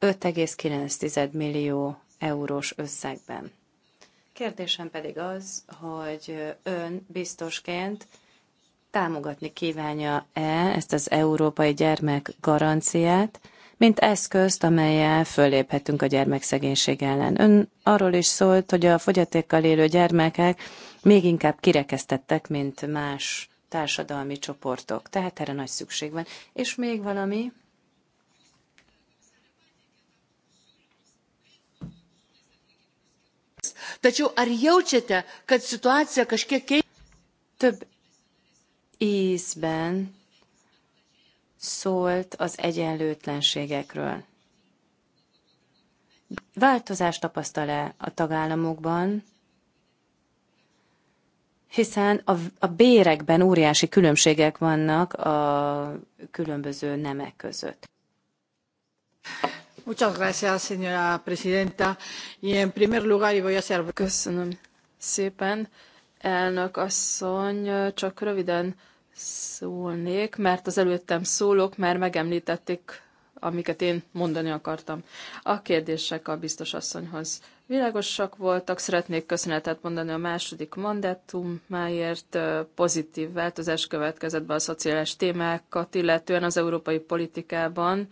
5,9 millió eurós összegben. Kérdésem pedig az, hogy ön biztosként támogatni kívánja-e ezt az európai gyermekgaranciát, garanciát, mint eszközt, amelyel föléphetünk a gyermekszegénység ellen. Ön arról is szólt, hogy a fogyatékkal élő gyermekek még inkább kirekesztettek, mint más társadalmi csoportok. Tehát erre nagy szükség van. És még valami, Tačiau ar jaučiate, kad situacija kažkiek keičiasi? Több ízben szólt az egyenlőtlenségekről. Változást tapasztal-e a tagállamokban, hiszen a, a bérekben óriási különbségek vannak a különböző nemek között. Muchas gracias, señora presidenta. Y en primer lugar, y voy a ser... Köszönöm szépen, elnök asszony, csak röviden szólnék, mert az előttem szólok, már megemlítették, amiket én mondani akartam. A kérdések a biztos asszonyhoz világosak voltak. Szeretnék köszönetet mondani a második mandátumáért. Pozitív változás következett be a szociális témákat, illetően az európai politikában,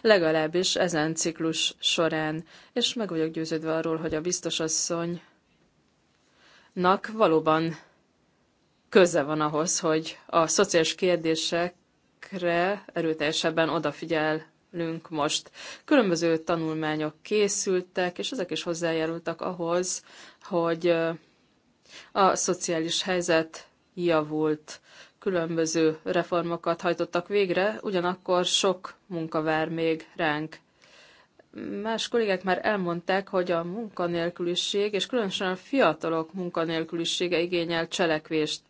legalábbis ezen ciklus során. És meg vagyok győződve arról, hogy a biztos asszonynak valóban köze van ahhoz, hogy a szociális kérdésekre erőteljesebben odafigyelünk most. Különböző tanulmányok készültek, és ezek is hozzájárultak ahhoz, hogy a szociális helyzet javult. Különböző reformokat hajtottak végre, ugyanakkor sok munka vár még ránk. Más kollégák már elmondták, hogy a munkanélküliség, és különösen a fiatalok munkanélkülisége igényel cselekvést.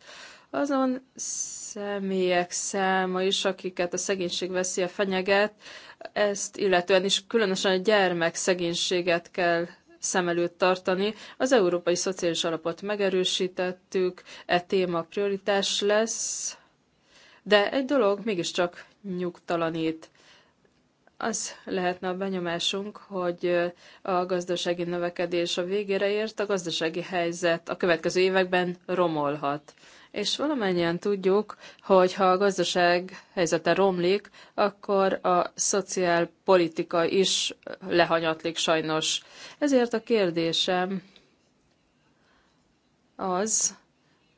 Azon személyek száma is, akiket a szegénység a fenyeget, ezt illetően is különösen a gyermek szegénységet kell szem előtt tartani. Az Európai Szociális Alapot megerősítettük, e téma prioritás lesz, de egy dolog mégiscsak nyugtalanít az lehetne a benyomásunk, hogy a gazdasági növekedés a végére ért, a gazdasági helyzet a következő években romolhat. És valamennyien tudjuk, hogy ha a gazdaság helyzete romlik, akkor a szociálpolitika is lehanyatlik sajnos. Ezért a kérdésem az,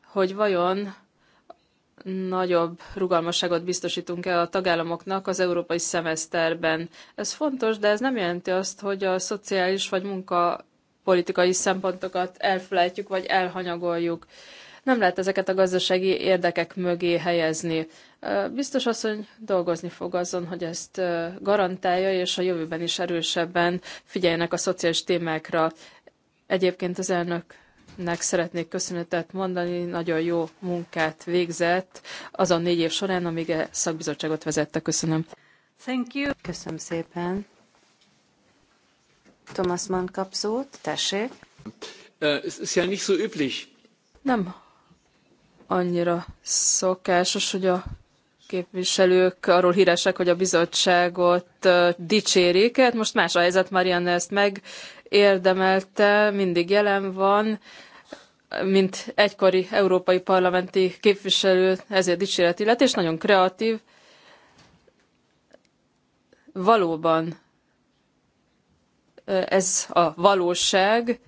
hogy vajon nagyobb rugalmasságot biztosítunk-e a tagállamoknak az európai szemeszterben. Ez fontos, de ez nem jelenti azt, hogy a szociális vagy munkapolitikai szempontokat elfelejtjük vagy elhanyagoljuk. Nem lehet ezeket a gazdasági érdekek mögé helyezni. Biztos asszony dolgozni fog azon, hogy ezt garantálja, és a jövőben is erősebben figyeljenek a szociális témákra. Egyébként az elnök nek szeretnék köszönetet mondani, nagyon jó munkát végzett azon négy év során, amíg a e szakbizottságot vezette. Köszönöm. Thank you. Köszönöm szépen. Thomas Mann kap szót, tessék. Es ist ja nicht so üblich. Nem annyira szokásos, hogy a képviselők arról híresek, hogy a bizottságot dicsérik. Hát most más a helyzet, Marianne ezt megérdemelte, mindig jelen van, mint egykori európai parlamenti képviselő, ezért dicséret illet, és nagyon kreatív. Valóban ez a valóság,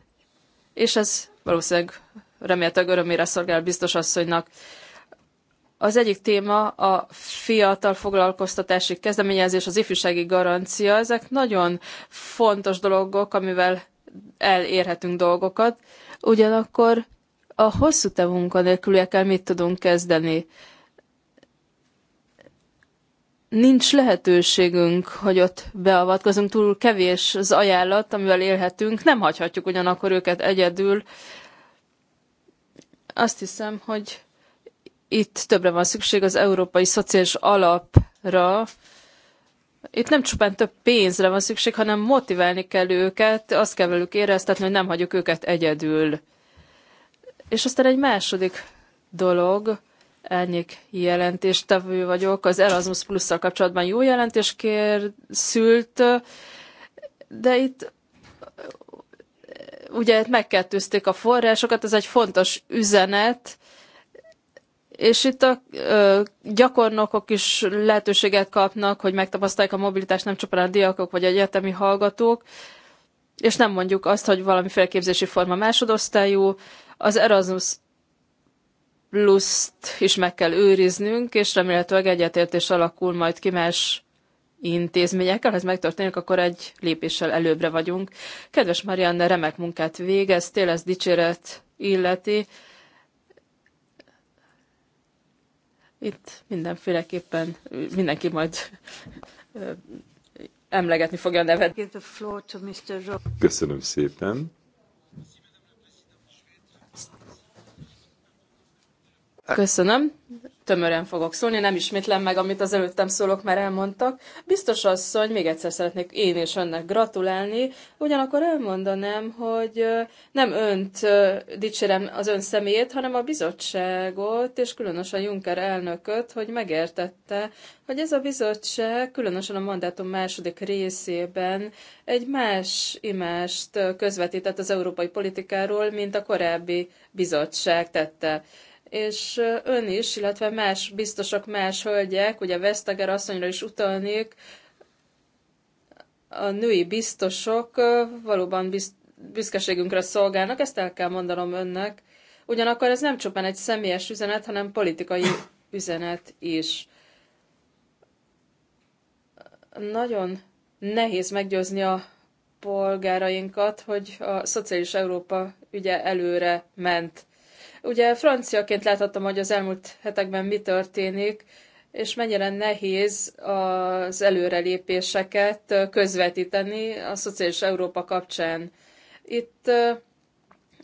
és ez valószínűleg reméltek örömére szolgál biztos asszonynak. Az egyik téma a fiatal foglalkoztatási kezdeményezés, az ifjúsági garancia. Ezek nagyon fontos dolgok, amivel elérhetünk dolgokat. Ugyanakkor a hosszú távú nélküliekkel mit tudunk kezdeni? Nincs lehetőségünk, hogy ott beavatkozunk, túl kevés az ajánlat, amivel élhetünk, nem hagyhatjuk ugyanakkor őket egyedül. Azt hiszem, hogy itt többre van szükség az Európai Szociális Alapra, itt nem csupán több pénzre van szükség, hanem motiválni kell őket, azt kell velük éreztetni, hogy nem hagyjuk őket egyedül. És aztán egy második dolog, elnyék jelentéstevő vagyok, az Erasmus plus kapcsolatban jó jelentés szült de itt ugye megkettőzték a forrásokat, ez egy fontos üzenet, és itt a ö, gyakornokok is lehetőséget kapnak, hogy megtapasztalják a mobilitást, nem csupán a diákok vagy egyetemi hallgatók és nem mondjuk azt, hogy valami felképzési forma másodosztályú, az Erasmus pluszt is meg kell őriznünk, és remélhetőleg egyetértés alakul majd ki más intézményekkel, ha ez megtörténik, akkor egy lépéssel előbbre vagyunk. Kedves Marianne, remek munkát végeztél, ez dicséret illeti. Itt mindenféleképpen mindenki majd emlegetni fogja a nevet. Köszönöm szépen. Köszönöm. Tömören fogok szólni, nem ismétlem meg, amit az előttem szólok, már elmondtak. Biztos asszony, még egyszer szeretnék én és önnek gratulálni, ugyanakkor elmondanám, hogy nem önt dicsérem az ön személyét, hanem a bizottságot, és különösen Juncker elnököt, hogy megértette, hogy ez a bizottság különösen a mandátum második részében egy más imást közvetített az európai politikáról, mint a korábbi bizottság tette és ön is, illetve más biztosok, más hölgyek, ugye Vesztager asszonyra is utalnék, a női biztosok valóban bizt, büszkeségünkre szolgálnak, ezt el kell mondanom önnek. Ugyanakkor ez nem csupán egy személyes üzenet, hanem politikai üzenet is. Nagyon nehéz meggyőzni a polgárainkat, hogy a szociális Európa ügye előre ment. Ugye franciaként láthattam, hogy az elmúlt hetekben mi történik, és mennyire nehéz az előrelépéseket közvetíteni a szociális Európa kapcsán. Itt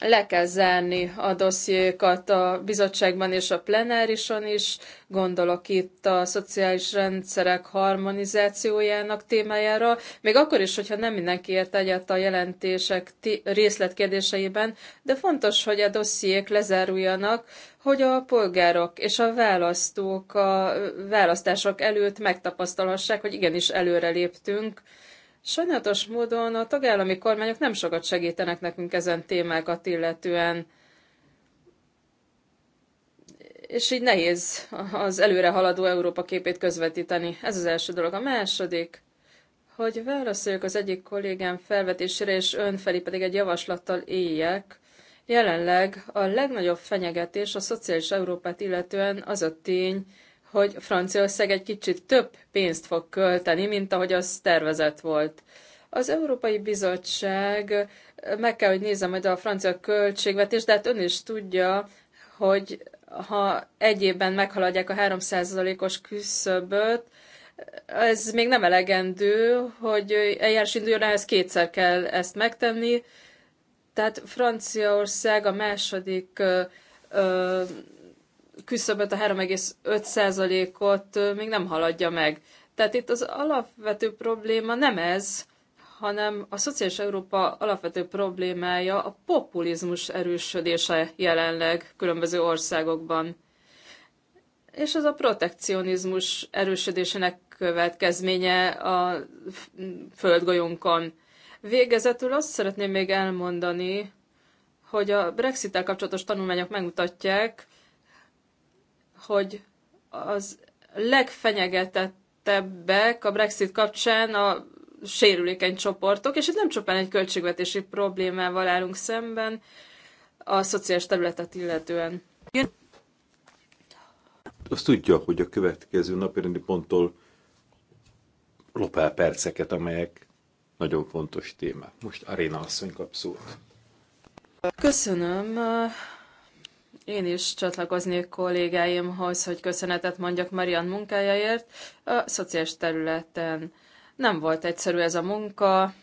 le kell zárni a dossziékat a bizottságban és a plenárison is. Gondolok itt a szociális rendszerek harmonizációjának témájára. Még akkor is, hogyha nem mindenki ért egyet a jelentések részletkérdéseiben, de fontos, hogy a dossziék lezáruljanak, hogy a polgárok és a választók a választások előtt megtapasztalhassák, hogy igenis előre léptünk Sajnálatos módon a tagállami kormányok nem sokat segítenek nekünk ezen témákat illetően, és így nehéz az előre haladó Európa képét közvetíteni. Ez az első dolog. A második, hogy válaszoljuk az egyik kollégám felvetésére, és ön felé pedig egy javaslattal éljek. Jelenleg a legnagyobb fenyegetés a szociális Európát illetően az a tény, hogy Franciaország egy kicsit több pénzt fog költeni, mint ahogy az tervezett volt. Az Európai Bizottság meg kell, hogy nézze majd a francia költségvetést, de hát ön is tudja, hogy ha egy évben meghaladják a 3%-os küszöböt, ez még nem elegendő, hogy eljárás induljon, ehhez kétszer kell ezt megtenni. Tehát Franciaország a második ö, ö, küszöböt, a 3,5%-ot még nem haladja meg. Tehát itt az alapvető probléma nem ez, hanem a szociális Európa alapvető problémája a populizmus erősödése jelenleg különböző országokban. És az a protekcionizmus erősödésének következménye a földgolyónkon. Végezetül azt szeretném még elmondani, hogy a brexit kapcsolatos tanulmányok megmutatják, hogy az legfenyegetettebbek a Brexit kapcsán a sérülékeny csoportok, és itt nem csupán egy költségvetési problémával állunk szemben a szociális területet illetően. Azt tudja, hogy a következő napirendi ponttól lopál perceket, amelyek nagyon fontos téma. Most Aréna asszony kap szót. Köszönöm. Én is csatlakoznék kollégáimhoz, hogy köszönetet mondjak Marian munkájáért a szociális területen. Nem volt egyszerű ez a munka,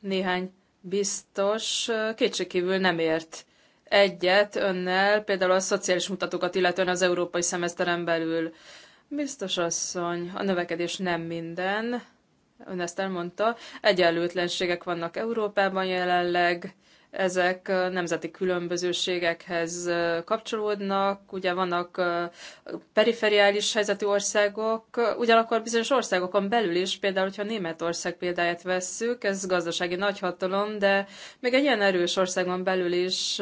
néhány biztos kétségkívül nem ért egyet önnel, például a szociális mutatókat illetően az európai szemeszteren belül. Biztos asszony, a növekedés nem minden, ön ezt elmondta, egyenlőtlenségek vannak Európában jelenleg, ezek nemzeti különbözőségekhez kapcsolódnak, ugye vannak periferiális helyzetű országok, ugyanakkor bizonyos országokon belül is, például, hogyha Németország példáját vesszük, ez gazdasági nagyhatalom, de még egy ilyen erős országon belül is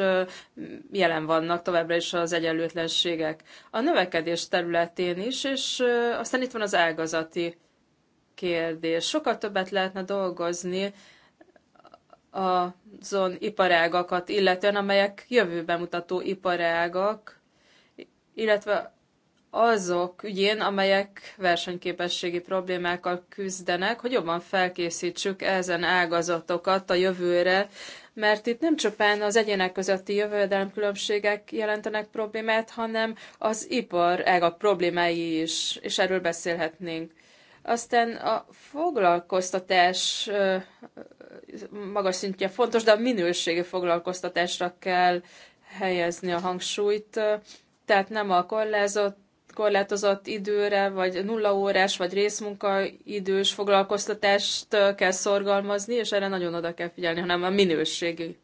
jelen vannak továbbra is az egyenlőtlenségek. A növekedés területén is, és aztán itt van az ágazati kérdés. Sokkal többet lehetne dolgozni, azon iparágakat illetően, amelyek jövőben mutató iparágak, illetve azok ügyén, amelyek versenyképességi problémákkal küzdenek, hogy jobban felkészítsük ezen ágazatokat a jövőre, mert itt nem csupán az egyének közötti jövedelemkülönbségek jelentenek problémát, hanem az ipar ágak problémái is, és erről beszélhetnénk. Aztán a foglalkoztatás magas szintje fontos, de a minőségi foglalkoztatásra kell helyezni a hangsúlyt, tehát nem a korlázott, korlátozott időre, vagy nulla órás, vagy részmunkaidős foglalkoztatást kell szorgalmazni, és erre nagyon oda kell figyelni, hanem a minőségi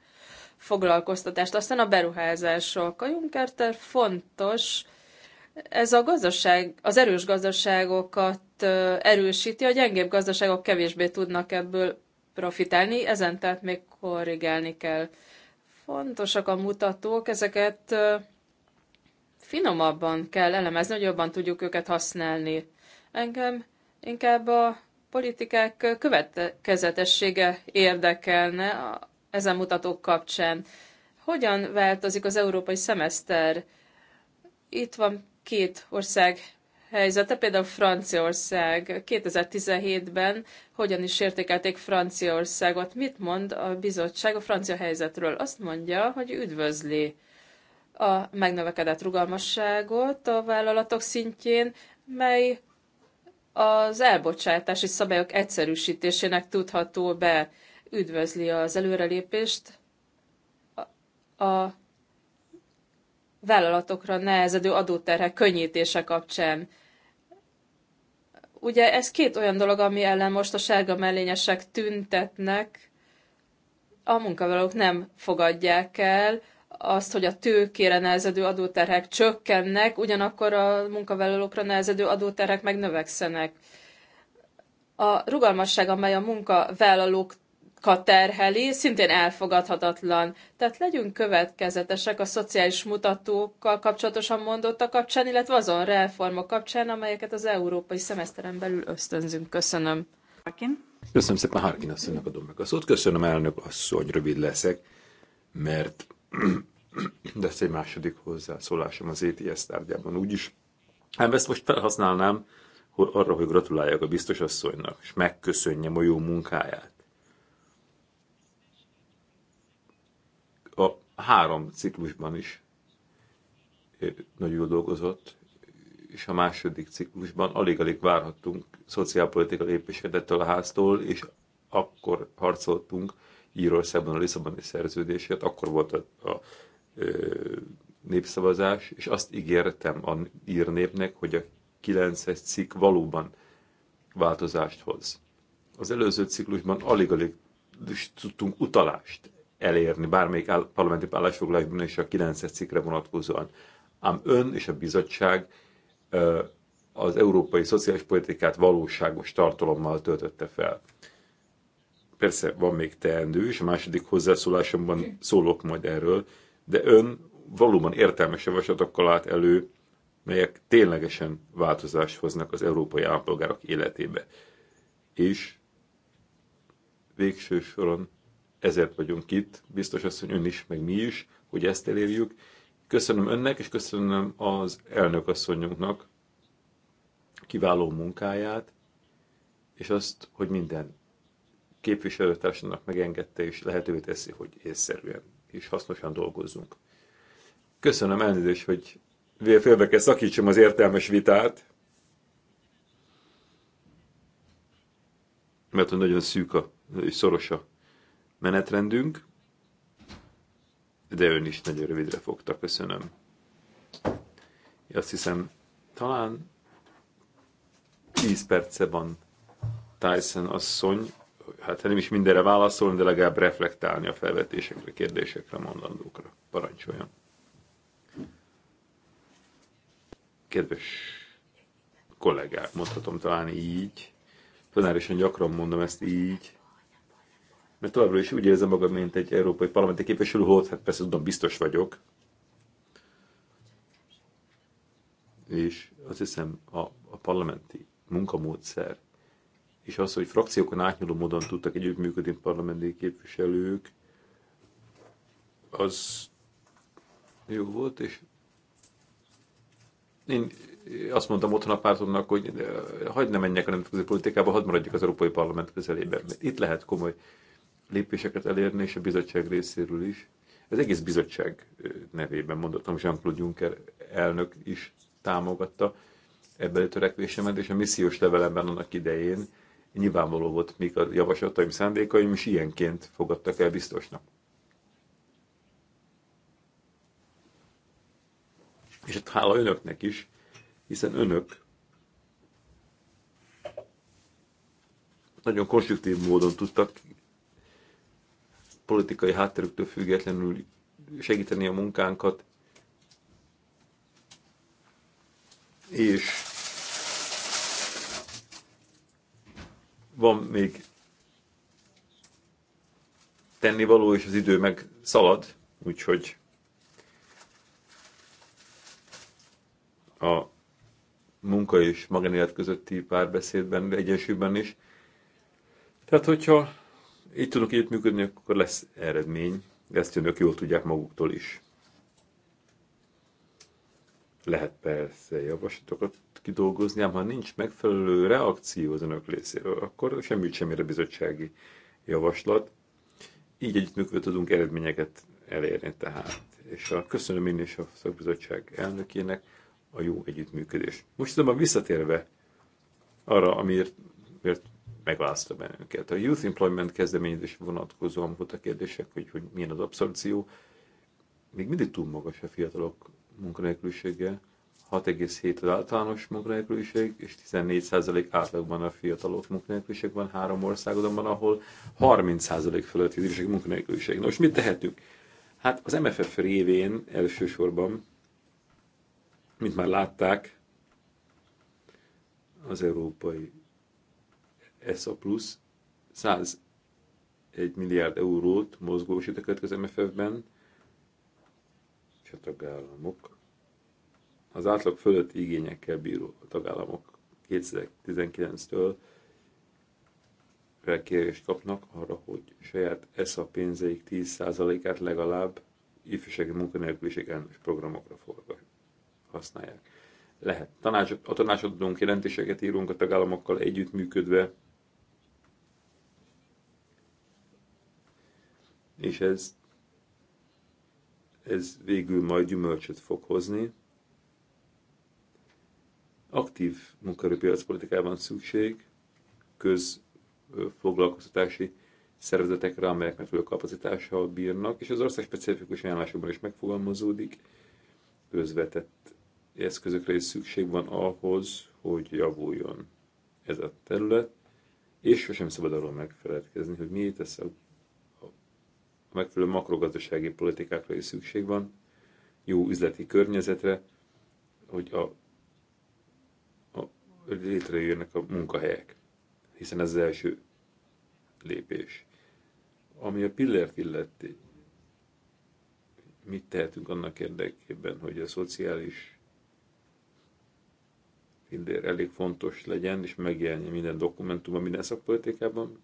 foglalkoztatást. Aztán a beruházások. A Junkerter fontos, ez a gazdaság, az erős gazdaságokat erősíti, a gyengébb gazdaságok kevésbé tudnak ebből profitálni, ezen tehát még korrigálni kell. Fontosak a mutatók, ezeket finomabban kell elemezni, hogy jobban tudjuk őket használni. Engem inkább a politikák következetessége érdekelne a ezen mutatók kapcsán. Hogyan változik az európai szemeszter? Itt van két ország helyzete, például Franciaország 2017-ben hogyan is értékelték Franciaországot. Mit mond a bizottság a francia helyzetről? Azt mondja, hogy üdvözli a megnövekedett rugalmasságot a vállalatok szintjén, mely az elbocsátási szabályok egyszerűsítésének tudható be. Üdvözli az előrelépést a vállalatokra nehezedő adóterhek könnyítése kapcsán. Ugye ez két olyan dolog, ami ellen most a sárga mellényesek tüntetnek, a munkavállalók nem fogadják el azt, hogy a tőkére nehezedő adóterhek csökkennek, ugyanakkor a munkavállalókra nehezedő adóterhek meg növekszenek. A rugalmasság, amely a munkavállalók terheli, szintén elfogadhatatlan. Tehát legyünk következetesek a szociális mutatókkal kapcsolatosan mondottak kapcsán, illetve azon reformok kapcsán, amelyeket az európai szemeszteren belül ösztönzünk. Köszönöm. Harkin. Köszönöm szépen Harkin asszonynak adom meg a szót. Köszönöm elnök asszony, rövid leszek, mert de ez egy második hozzászólásom az ETS tárgyában úgyis. Hát ezt most felhasználnám arra, hogy gratuláljak a biztos asszonynak, és megköszönjem a jó munkáját három ciklusban is nagyon jól dolgozott, és a második ciklusban alig-alig várhattunk szociálpolitikai lépéseket ettől a háztól, és akkor harcoltunk Írországban a Lisszaboni szerződését, akkor volt a, a ö, népszavazás, és azt ígértem a ír népnek, hogy a 9 cikk valóban változást hoz. Az előző ciklusban alig-alig tudtunk utalást elérni bármelyik áll, parlamenti állásfoglalásban és a 9 cikkre vonatkozóan. Ám ön és a bizottság az európai szociális politikát valóságos tartalommal töltötte fel. Persze van még teendő, és a második hozzászólásomban szólok majd erről, de ön valóban értelmes javaslatokkal állt elő, melyek ténylegesen változást hoznak az európai állampolgárok életébe. És végső soron ezért vagyunk itt, biztos hogy ön is, meg mi is, hogy ezt elérjük. Köszönöm önnek, és köszönöm az elnök asszonyunknak kiváló munkáját, és azt, hogy minden képviselőtársának megengedte, és lehetővé teszi, hogy észszerűen és hasznosan dolgozzunk. Köszönöm elnézést, hogy félbe kell szakítsam az értelmes vitát, mert nagyon szűk a, és szoros a menetrendünk, de ön is nagyon rövidre fogta, köszönöm. Azt hiszem, talán 10 perce van Tyson asszony, hát nem is mindenre válaszolni, de legalább reflektálni a felvetésekre, kérdésekre, mondandókra. Parancsoljon. Kedves kollégák, mondhatom talán így, tanárisan gyakran mondom ezt így, mert továbbra is úgy érzem magam, mint egy európai parlamenti képviselő, hogy hát persze tudom, biztos vagyok. És azt hiszem, a, a parlamenti munkamódszer, és az, hogy frakciókon átnyúló módon tudtak együttműködni parlamenti képviselők, az jó volt, és én azt mondtam otthon a pártomnak, hogy hagyd ne menjek a nemzetközi politikába, hadd maradjuk az Európai Parlament közelében, mert itt lehet komoly lépéseket elérni, és a bizottság részéről is. Az egész bizottság nevében mondottam, Jean-Claude Juncker elnök is támogatta ebben a törekvésemet, és a missziós levelemben annak idején nyilvánvaló volt, mik a javaslataim, szándékaim, és ilyenként fogadtak el biztosnak. És hát hála önöknek is, hiszen önök nagyon konstruktív módon tudtak politikai hátterüktől függetlenül segíteni a munkánkat, és van még tennivaló, és az idő meg szalad, úgyhogy a munka és magánélet közötti párbeszédben, egyensúlyban is. Tehát, hogyha így együtt működni, akkor lesz eredmény. Ezt önök jól tudják maguktól is. Lehet persze javaslatokat kidolgozni, ám ha nincs megfelelő reakció az önök részéről, akkor semmi sem ér a bizottsági javaslat. Így együttműködve tudunk eredményeket elérni tehát. És a, köszönöm én is a szakbizottság elnökének a jó együttműködést. Most azonban visszatérve arra, amiért miért megalázta bennünket. A Youth Employment kezdeményezés vonatkozóan volt a kérdések, hogy, hogy milyen az abszorció. Még mindig túl magas a fiatalok munkanélkülisége. 6,7 az általános munkanélküliség, és 14% átlagban a fiatalok munkanélküliség van három országodban, ahol 30% fölötti időség munkanélküliség. Nos, mit tehetünk? Hát az MFF révén elsősorban, mint már látták, az európai ESA plusz 101 milliárd eurót mozgósít a következő MFF-ben, és a tagállamok az átlag fölött igényekkel bíró a tagállamok 2019-től felkérést kapnak arra, hogy saját ESA pénzeik 10%-át legalább ifjúsági munkanélküliség ellenes programokra használják. Lehet. Tanács, a tanácsadónk jelentéseket írunk a tagállamokkal együttműködve, és ez, ez végül majd gyümölcsöt fog hozni. Aktív munkaerőpiacpolitikában szükség, közfoglalkoztatási szervezetekre, amelyek megfelelő kapacitással bírnak, és az ország specifikus ajánlásokban is megfogalmazódik, közvetett eszközökre is szükség van ahhoz, hogy javuljon ez a terület, és sosem szabad arról megfeledkezni, hogy miért tesz a megfelelő makrogazdasági politikákra is szükség van, jó üzleti környezetre, hogy a, a, létrejönnek a munkahelyek, hiszen ez az első lépés. Ami a pillért illeti, mit tehetünk annak érdekében, hogy a szociális pillér elég fontos legyen, és megjelenjen minden dokumentumban, minden szakpolitikában.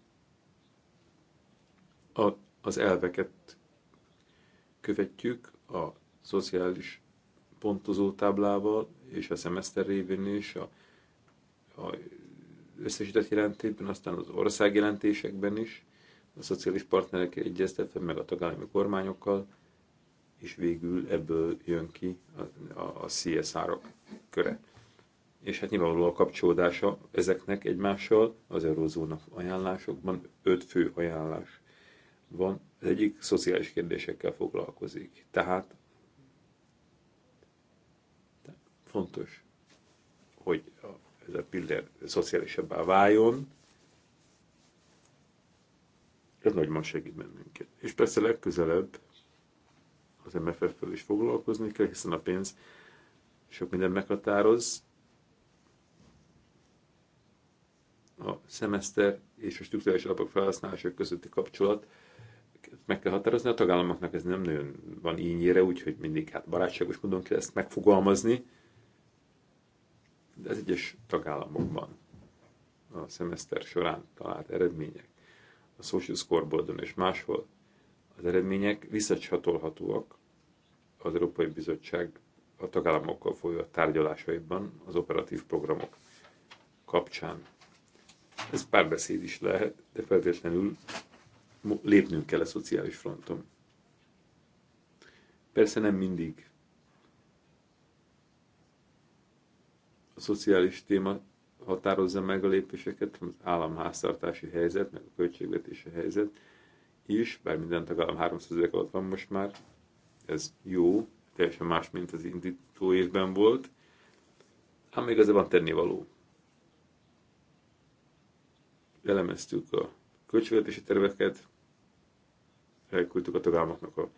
A az elveket követjük a szociális pontozó táblával és a szemeszter révén is, a, a összesített jelentésben, aztán az ország jelentésekben is, a szociális partnerek egyeztetve meg a tagállami kormányokkal, és végül ebből jön ki a, a, a CSR-ok köre. És hát nyilvánvaló a kapcsolódása ezeknek egymással az eurózónak ajánlásokban, öt fő ajánlás van, az egyik szociális kérdésekkel foglalkozik. Tehát fontos, hogy ez a pillér szociálisabbá váljon, ez nagyban segít bennünket. És persze legközelebb az mff ről is foglalkozni kell, hiszen a pénz sok minden meghatároz. A szemeszter és a struktúrális alapok felhasználása közötti kapcsolat meg kell határozni, a tagállamoknak ez nem nagyon van ínyére, úgyhogy mindig hát barátságos módon kell ezt megfogalmazni, de az egyes tagállamokban a szemeszter során talált eredmények, a social scoreboardon és máshol az eredmények visszacsatolhatóak az Európai Bizottság a tagállamokkal folyó tárgyalásaiban az operatív programok kapcsán. Ez párbeszéd is lehet, de feltétlenül lépnünk kell a szociális fronton. Persze nem mindig a szociális téma határozza meg a lépéseket, az államháztartási helyzet, meg a költségvetési helyzet is, bár minden tagállam 300 ezek alatt van most már, ez jó, teljesen más, mint az indító évben volt, ám még azért van tennivaló. Elemeztük a költségvetési terveket, elküldtük a tagállamoknak a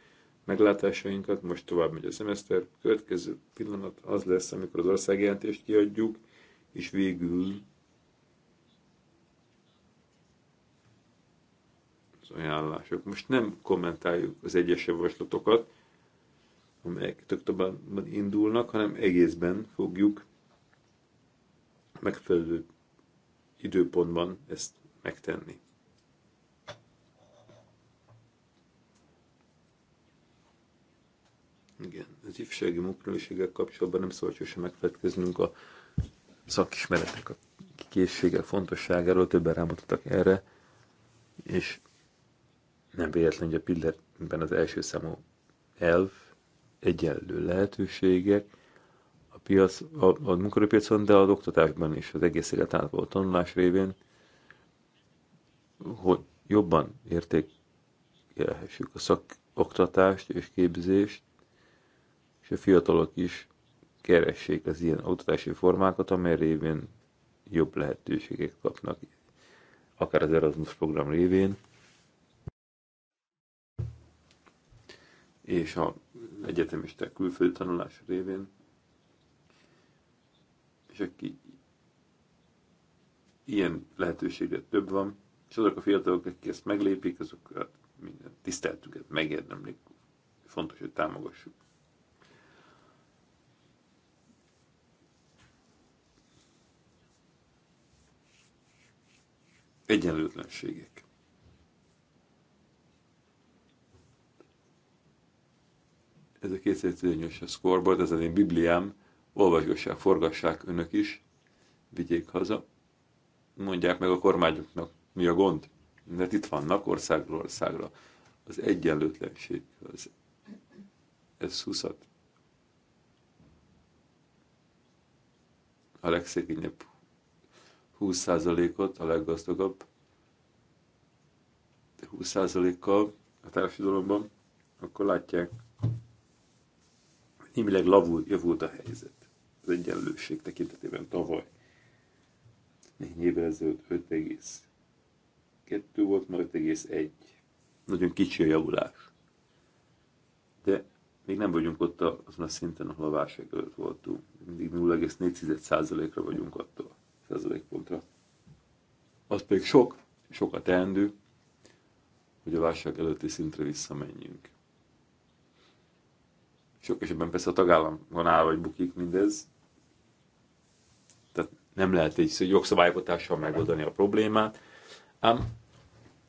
meglátásainkat, most tovább megy a szemeszter. Következő pillanat az lesz, amikor az országjelentést kiadjuk, és végül az ajánlások. Most nem kommentáljuk az egyes javaslatokat, amelyek tök továbban indulnak, hanem egészben fogjuk megfelelő időpontban ezt megtenni. Igen, az ifjúsági munkanőséggel kapcsolatban nem szabad sosem megfelelkeznünk a szakismeretek, a készségek fontosságáról, többen rámutattak erre, és nem véletlen, hogy a pillanatban az első számú elv egyenlő lehetőségek a, piac, a, a munkerőpiacon, de az oktatásban is, az egész élet a tanulás révén, hogy jobban értékelhessük a szakoktatást és képzést, és a fiatalok is keressék az ilyen oktatási formákat, amely révén jobb lehetőségeket kapnak, akár az Erasmus program révén, és a egyetemisták külföldi tanulás révén, és aki ilyen lehetőségre több van, és azok a fiatalok, akik ezt meglépik, azok hát, minden tiszteltüket megérdemlik, fontos, hogy támogassuk. egyenlőtlenségek. Ez a 2011-es szkorbolt, ez az én Bibliám, olvasgassák, forgassák önök is, vigyék haza, mondják meg a kormányoknak, mi a gond, mert itt vannak országról országra. Az egyenlőtlenség, az, ez 20 a legszegényebb 20%-ot a leggazdagabb 20%-kal a társadalomban, akkor látják, némileg lavul, javult a helyzet az egyenlőség tekintetében tavaly. Néhány évvel ezelőtt 5,2 volt, ma 5,1. Nagyon kicsi a javulás. De még nem vagyunk ott azon a szinten, ahol a válság előtt voltunk. Mindig 0,4%-ra vagyunk attól pontra. Az pedig sok, sok a teendő, hogy a válság előtti szintre visszamenjünk. Sok esetben persze a tagállamon áll, vagy bukik mindez. Tehát nem lehet egy jogszabályokatással megoldani a problémát, ám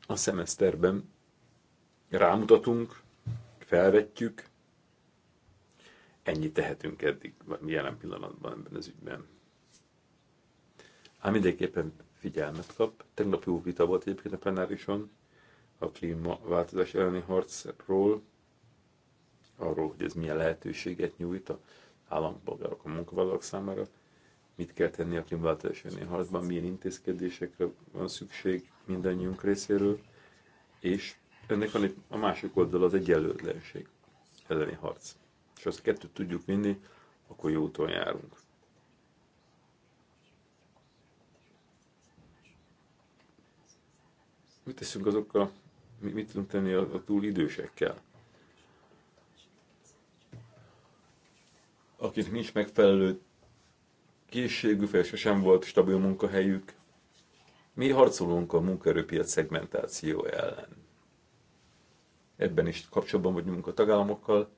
a szemeszterben rámutatunk, felvetjük, ennyit tehetünk eddig, vagy jelen pillanatban ebben az ügyben ám mindenképpen figyelmet kap. Tegnap jó vita volt egyébként a plenárison a klímaváltozás elleni harcról, arról, hogy ez milyen lehetőséget nyújt a állampolgárok, a munkavállalók számára, mit kell tenni a klímaváltozás elleni harcban, milyen intézkedésekre van szükség mindannyiunk részéről, és ennek van egy, a másik oldal az egyenlőtlenség elleni harc. És azt kettőt tudjuk vinni, akkor jó úton járunk. Mit teszünk azokkal, mit tudunk tenni a, a túl idősekkel? Akik nincs megfelelő készségű, fel sem volt stabil munkahelyük. Mi harcolunk a munkaerőpiac szegmentáció ellen. Ebben is kapcsolatban vagyunk a tagállamokkal.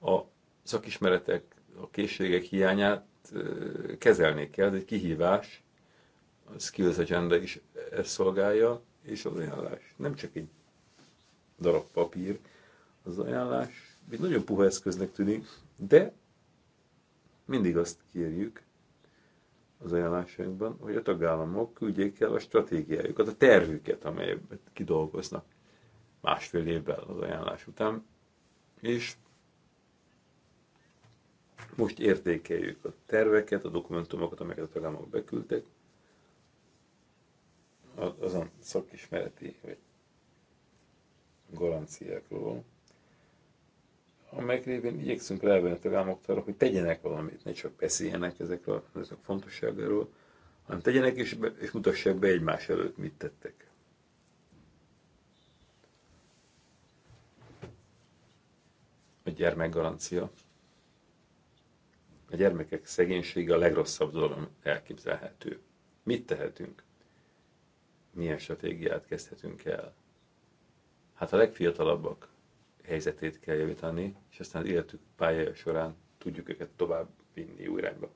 A szakismeretek, a készségek hiányát kezelni kell, ez egy kihívás. A Skills Agenda is ezt szolgálja és az ajánlás. Nem csak egy darab papír. Az ajánlás egy nagyon puha eszköznek tűnik, de mindig azt kérjük az ajánlásainkban, hogy a tagállamok küldjék el a stratégiájukat, a tervüket, amelyet kidolgoznak másfél évvel az ajánlás után, és most értékeljük a terveket, a dokumentumokat, amelyeket a tagállamok beküldtek, azon szakismereti vagy garanciákról, amelyek révén igyekszünk rávenni a tagállamok arra, hogy tegyenek valamit, ne csak beszéljenek ezekről, ezek fontosságáról, hanem tegyenek és, be, és mutassák be egymás előtt, mit tettek. A gyermekgarancia. A gyermekek szegénysége a legrosszabb dolog elképzelhető. Mit tehetünk? milyen stratégiát kezdhetünk el. Hát a legfiatalabbak helyzetét kell javítani, és aztán az életük pályája során tudjuk őket tovább vinni jó irányba.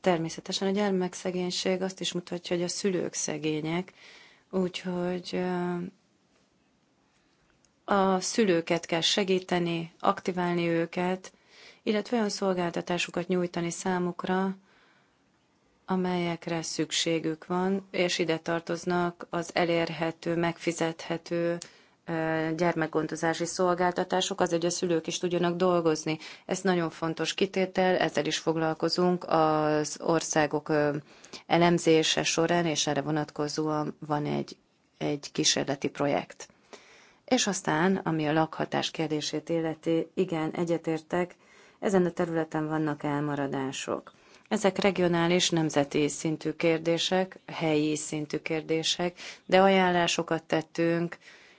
Természetesen a gyermekszegénység azt is mutatja, hogy a szülők szegények, úgyhogy a szülőket kell segíteni, aktiválni őket, illetve olyan szolgáltatásokat nyújtani számukra, amelyekre szükségük van, és ide tartoznak az elérhető, megfizethető gyermekgondozási szolgáltatások, az, hogy a szülők is tudjanak dolgozni. Ez nagyon fontos kitétel, ezzel is foglalkozunk az országok elemzése során, és erre vonatkozóan van egy, egy kísérleti projekt. És aztán, ami a lakhatás kérdését illeti, igen, egyetértek, ezen a területen vannak elmaradások. Ezek regionális, nemzeti szintű kérdések, helyi szintű kérdések, de ajánlásokat tettünk,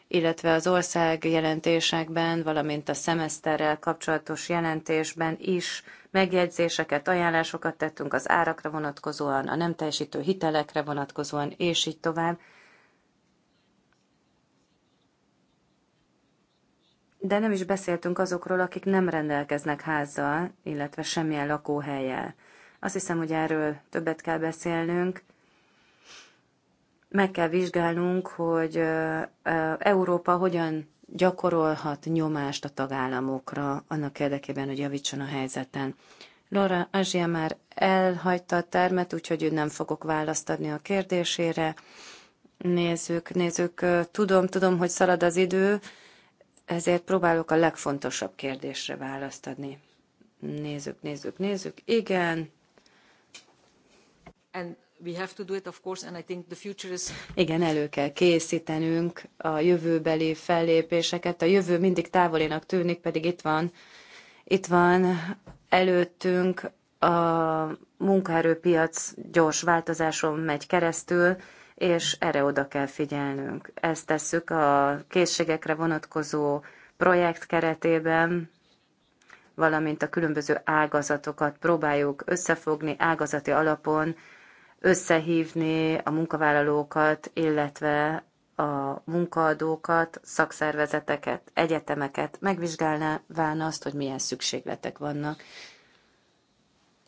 illetve az ország jelentésekben, valamint a szemeszterrel kapcsolatos jelentésben is megjegyzéseket, ajánlásokat tettünk az árakra vonatkozóan, a nem teljesítő hitelekre vonatkozóan, és így tovább. De nem is beszéltünk azokról, akik nem rendelkeznek házzal, illetve semmilyen lakóhelyjel. Azt hiszem, hogy erről többet kell beszélnünk. Meg kell vizsgálnunk, hogy Európa hogyan gyakorolhat nyomást a tagállamokra annak érdekében, hogy javítson a helyzeten. Laura Ázsia már elhagyta a termet, úgyhogy ő nem fogok választ adni a kérdésére. Nézzük, nézzük. Tudom, tudom, hogy szalad az idő, ezért próbálok a legfontosabb kérdésre választ adni. Nézzük, nézzük, nézzük. Igen. Igen, elő kell készítenünk a jövőbeli fellépéseket. A jövő mindig távolinak tűnik, pedig itt van, itt van előttünk a munkaerőpiac gyors változáson megy keresztül, és erre oda kell figyelnünk. Ezt tesszük a készségekre vonatkozó projekt keretében, valamint a különböző ágazatokat próbáljuk összefogni ágazati alapon, összehívni a munkavállalókat, illetve a munkaadókat, szakszervezeteket, egyetemeket, megvizsgálván azt, hogy milyen szükségletek vannak,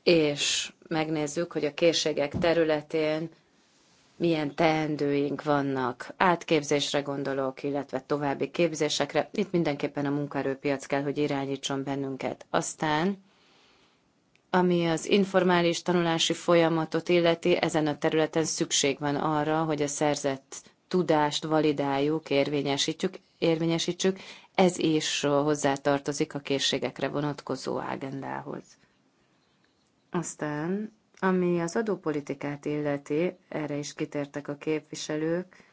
és megnézzük, hogy a készségek területén milyen teendőink vannak. Átképzésre gondolok, illetve további képzésekre. Itt mindenképpen a munkaerőpiac kell, hogy irányítson bennünket. Aztán ami az informális tanulási folyamatot illeti, ezen a területen szükség van arra, hogy a szerzett tudást validáljuk, érvényesítjük, érvényesítsük. Ez is hozzátartozik a készségekre vonatkozó agendához. Aztán, ami az adópolitikát illeti, erre is kitértek a képviselők,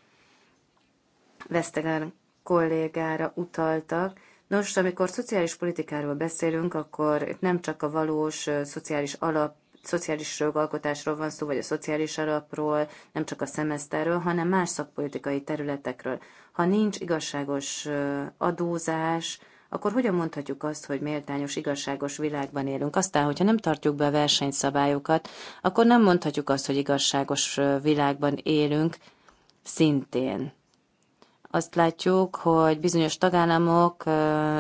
Vesztegár kollégára utaltak, Nos, amikor szociális politikáról beszélünk, akkor nem csak a valós szociális alap szociális jogalkotásról van szó, vagy a szociális alapról, nem csak a szemeszterről, hanem más szakpolitikai területekről. Ha nincs igazságos adózás, akkor hogyan mondhatjuk azt, hogy méltányos, igazságos világban élünk? Aztán, hogyha nem tartjuk be a versenyszabályokat, akkor nem mondhatjuk azt, hogy igazságos világban élünk szintén azt látjuk, hogy bizonyos tagállamok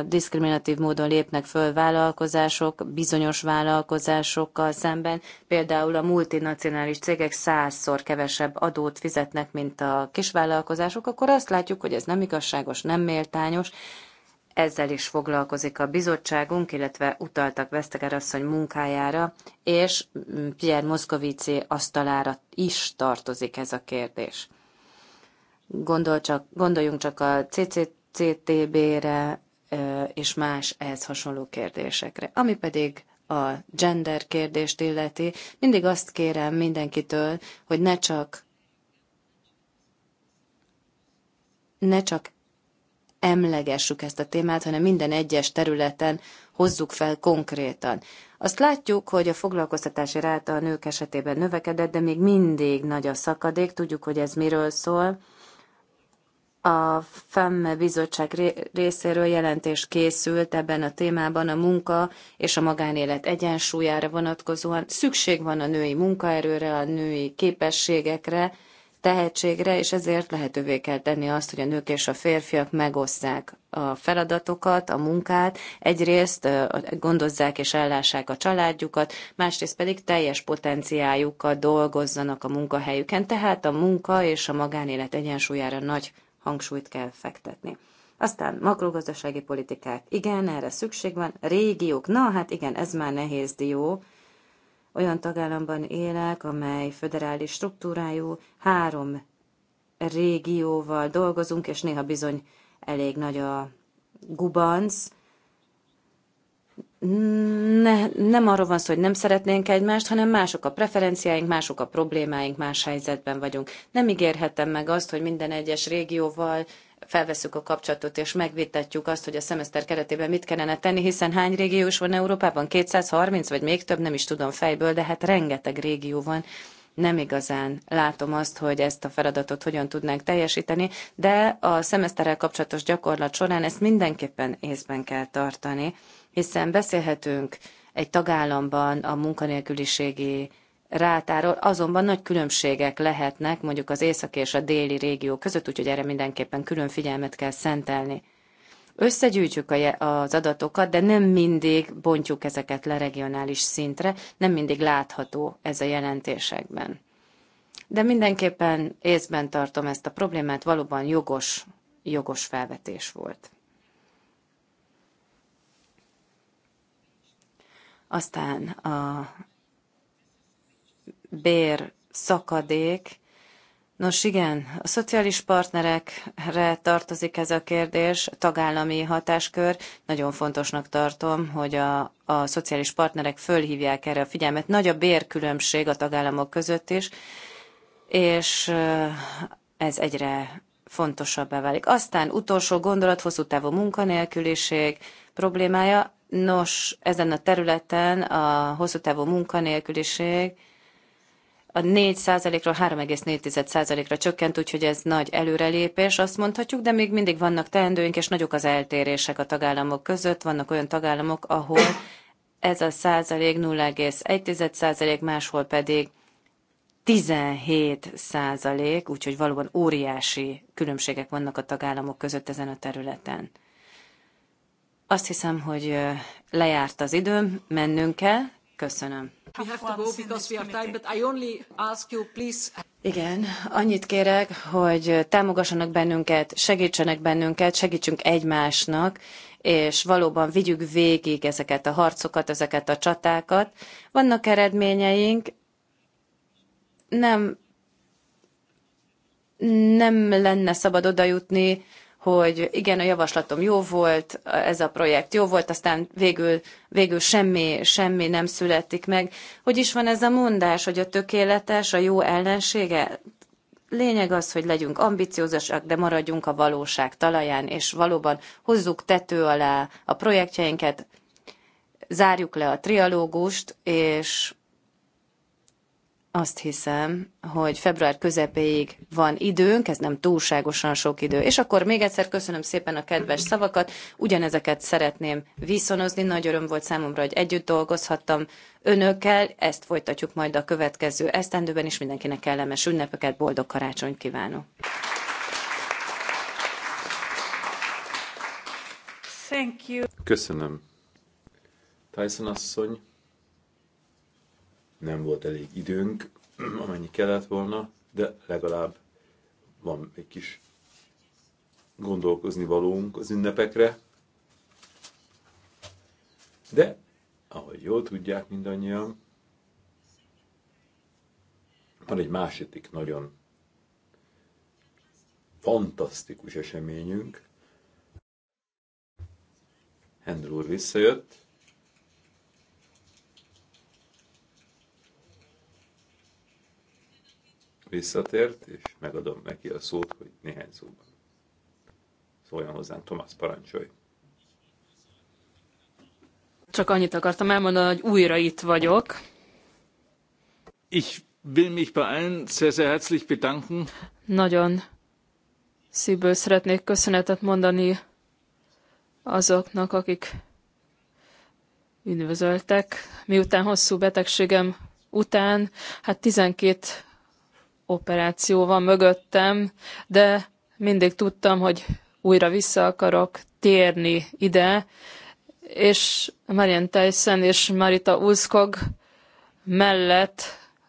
diszkriminatív módon lépnek föl vállalkozások, bizonyos vállalkozásokkal szemben. Például a multinacionális cégek százszor kevesebb adót fizetnek, mint a kisvállalkozások, akkor azt látjuk, hogy ez nem igazságos, nem méltányos. Ezzel is foglalkozik a bizottságunk, illetve utaltak Veszteger asszony munkájára, és Pierre Moszkovici asztalára is tartozik ez a kérdés. Gondol csak, gondoljunk csak a CCCTB-re és más ehhez hasonló kérdésekre. Ami pedig a gender kérdést illeti, mindig azt kérem mindenkitől, hogy ne csak ne csak emlegessük ezt a témát, hanem minden egyes területen hozzuk fel konkrétan. Azt látjuk, hogy a foglalkoztatási ráta a nők esetében növekedett, de még mindig nagy a szakadék, tudjuk, hogy ez miről szól a FEM bizottság részéről jelentés készült ebben a témában a munka és a magánélet egyensúlyára vonatkozóan. Szükség van a női munkaerőre, a női képességekre, tehetségre, és ezért lehetővé kell tenni azt, hogy a nők és a férfiak megosszák a feladatokat, a munkát, egyrészt gondozzák és ellássák a családjukat, másrészt pedig teljes potenciájukkal dolgozzanak a munkahelyüken, tehát a munka és a magánélet egyensúlyára nagy hangsúlyt kell fektetni. Aztán makrogazdasági politikák. Igen, erre szükség van. Régiók. Na, hát igen, ez már nehéz dió. Olyan tagállamban élek, amely föderális struktúrájú, három régióval dolgozunk, és néha bizony elég nagy a gubanc, ne, nem arról van szó, hogy nem szeretnénk egymást, hanem mások a preferenciáink, mások a problémáink, más helyzetben vagyunk. Nem ígérhetem meg azt, hogy minden egyes régióval felveszük a kapcsolatot és megvitatjuk azt, hogy a szemeszter keretében mit kellene tenni, hiszen hány régió is van Európában? 230 vagy még több, nem is tudom fejből, de hát rengeteg régió van. Nem igazán látom azt, hogy ezt a feladatot hogyan tudnánk teljesíteni, de a szemeszterrel kapcsolatos gyakorlat során ezt mindenképpen észben kell tartani hiszen beszélhetünk egy tagállamban a munkanélküliségi rátáról, azonban nagy különbségek lehetnek mondjuk az északi és a déli régió között, úgyhogy erre mindenképpen külön figyelmet kell szentelni. Összegyűjtjük az adatokat, de nem mindig bontjuk ezeket le regionális szintre, nem mindig látható ez a jelentésekben. De mindenképpen észben tartom ezt a problémát, valóban jogos, jogos felvetés volt. Aztán a bér szakadék. Nos igen, a szociális partnerekre tartozik ez a kérdés, tagállami hatáskör. Nagyon fontosnak tartom, hogy a, a szociális partnerek fölhívják erre a figyelmet. Nagy a bérkülönbség a tagállamok között is, és ez egyre fontosabbá válik. Aztán utolsó gondolat, hosszú távú munkanélküliség problémája. Nos, ezen a területen a hosszú távú munkanélküliség a 4%-ról 3,4%-ra csökkent, úgyhogy ez nagy előrelépés, azt mondhatjuk, de még mindig vannak teendőink, és nagyok az eltérések a tagállamok között. Vannak olyan tagállamok, ahol ez a százalék 0,1 százalék, máshol pedig 17 százalék, úgyhogy valóban óriási különbségek vannak a tagállamok között ezen a területen. Azt hiszem, hogy lejárt az időm, mennünk kell. Köszönöm. Igen, annyit kérek, hogy támogassanak bennünket, segítsenek bennünket, segítsünk egymásnak, és valóban vigyük végig ezeket a harcokat, ezeket a csatákat. Vannak eredményeink, nem, nem lenne szabad odajutni, hogy igen, a javaslatom jó volt, ez a projekt jó volt, aztán végül, végül semmi, semmi nem születik meg. Hogy is van ez a mondás, hogy a tökéletes, a jó ellensége? Lényeg az, hogy legyünk ambiciózusak, de maradjunk a valóság talaján, és valóban hozzuk tető alá a projektjeinket, zárjuk le a trialógust, és azt hiszem, hogy február közepéig van időnk, ez nem túlságosan sok idő. És akkor még egyszer köszönöm szépen a kedves szavakat, ugyanezeket szeretném viszonozni, nagy öröm volt számomra, hogy együtt dolgozhattam önökkel, ezt folytatjuk majd a következő esztendőben, és mindenkinek kellemes ünnepeket, boldog karácsonyt kívánok! Thank you. Köszönöm. Tyson asszony, nem volt elég időnk, amennyi kellett volna, de legalább van egy kis gondolkozni valónk az ünnepekre. De, ahogy jól tudják mindannyian, van egy másik nagyon fantasztikus eseményünk. Hendrúr úr visszajött, visszatért, és megadom neki a szót, hogy néhány szóban szóljon hozzánk. Tomás, parancsolj! Csak annyit akartam elmondani, hogy újra itt vagyok. Ich will mich bei allen sehr, sehr herzlich bedanken. Nagyon szívből szeretnék köszönetet mondani azoknak, akik üdvözöltek, miután hosszú betegségem után, hát 12 operáció van mögöttem, de mindig tudtam, hogy újra vissza akarok térni ide, és Marian Tyson és Marita Uzkog mellett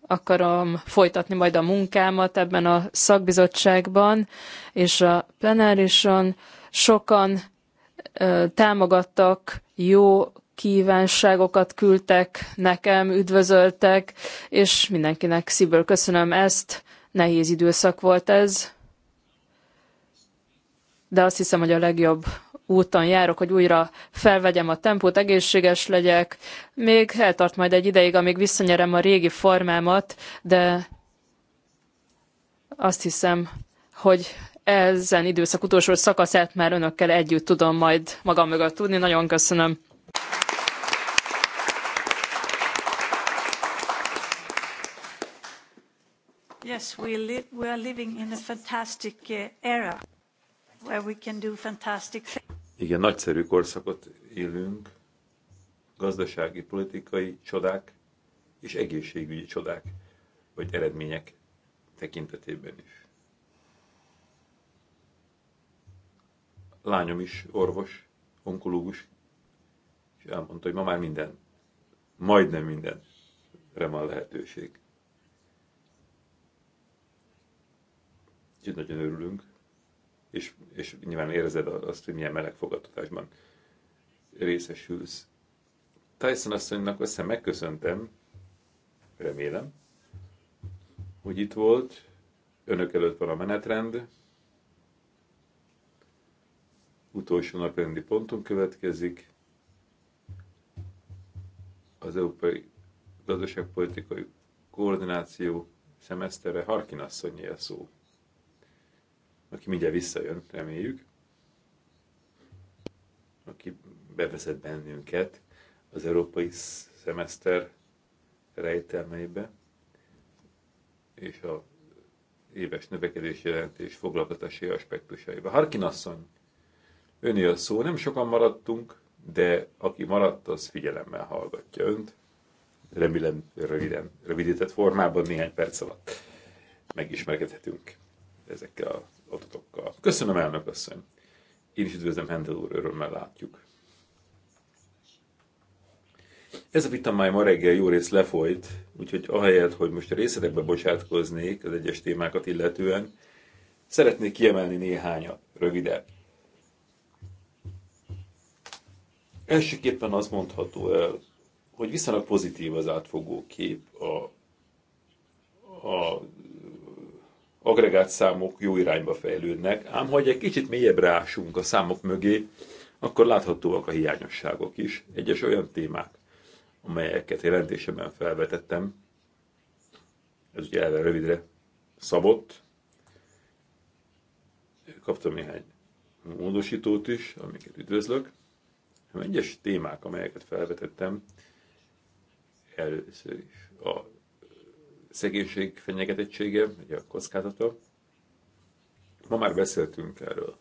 akarom folytatni majd a munkámat ebben a szakbizottságban és a plenárison. Sokan ö, támogattak jó kívánságokat küldtek nekem, üdvözöltek, és mindenkinek szívből köszönöm ezt. Nehéz időszak volt ez, de azt hiszem, hogy a legjobb úton járok, hogy újra felvegyem a tempót, egészséges legyek. Még eltart majd egy ideig, amíg visszanyerem a régi formámat, de azt hiszem, hogy ezen időszak utolsó szakaszát már önökkel együtt tudom majd magam mögött tudni. Nagyon köszönöm. yes, we, li we are living in a fantastic uh, era where we can do fantastic things. Igen, nagyszerű korszakot élünk, gazdasági, politikai csodák és egészségügyi csodák, vagy eredmények tekintetében is. Lányom is orvos, onkológus, és elmondta, hogy ma már minden, majdnem minden, van lehetőség. úgyhogy nagyon örülünk, és, és nyilván érzed azt, hogy milyen meleg fogadtatásban részesülsz. Tyson asszonynak össze megköszöntem, remélem, hogy itt volt, önök előtt van a menetrend, utolsó naprendi pontunk következik, az európai gazdaságpolitikai koordináció szemesztere Harkin asszonyi a szó aki mindjárt visszajön, reméljük, aki bevezet bennünket az európai szemeszter rejtelmeibe, és a éves növekedési jelentés foglalkozási aspektusaiba. Harkin asszony, öné a szó, nem sokan maradtunk, de aki maradt, az figyelemmel hallgatja önt. Remélem röviden, rövidített formában néhány perc alatt megismerkedhetünk ezekkel a adatokkal. Köszönöm, elnök asszony. Én is üdvözlöm Hendel úr, örömmel látjuk. Ez a vita már ma reggel jó rész lefolyt, úgyhogy ahelyett, hogy most a részletekbe bocsátkoznék az egyes témákat illetően, szeretnék kiemelni néhányat, röviden. Elsőképpen az mondható el, hogy viszonylag pozitív az átfogó kép a, a agregát számok jó irányba fejlődnek, ám ha egy kicsit mélyebbre ásunk a számok mögé, akkor láthatóak a hiányosságok is. Egyes olyan témák, amelyeket jelentésemben felvetettem, ez ugye elve rövidre szabott, kaptam néhány módosítót is, amiket üdvözlök. Egyes témák, amelyeket felvetettem, először is a szegénység fenyegetettsége, vagy a kockázata. Ma már beszéltünk erről.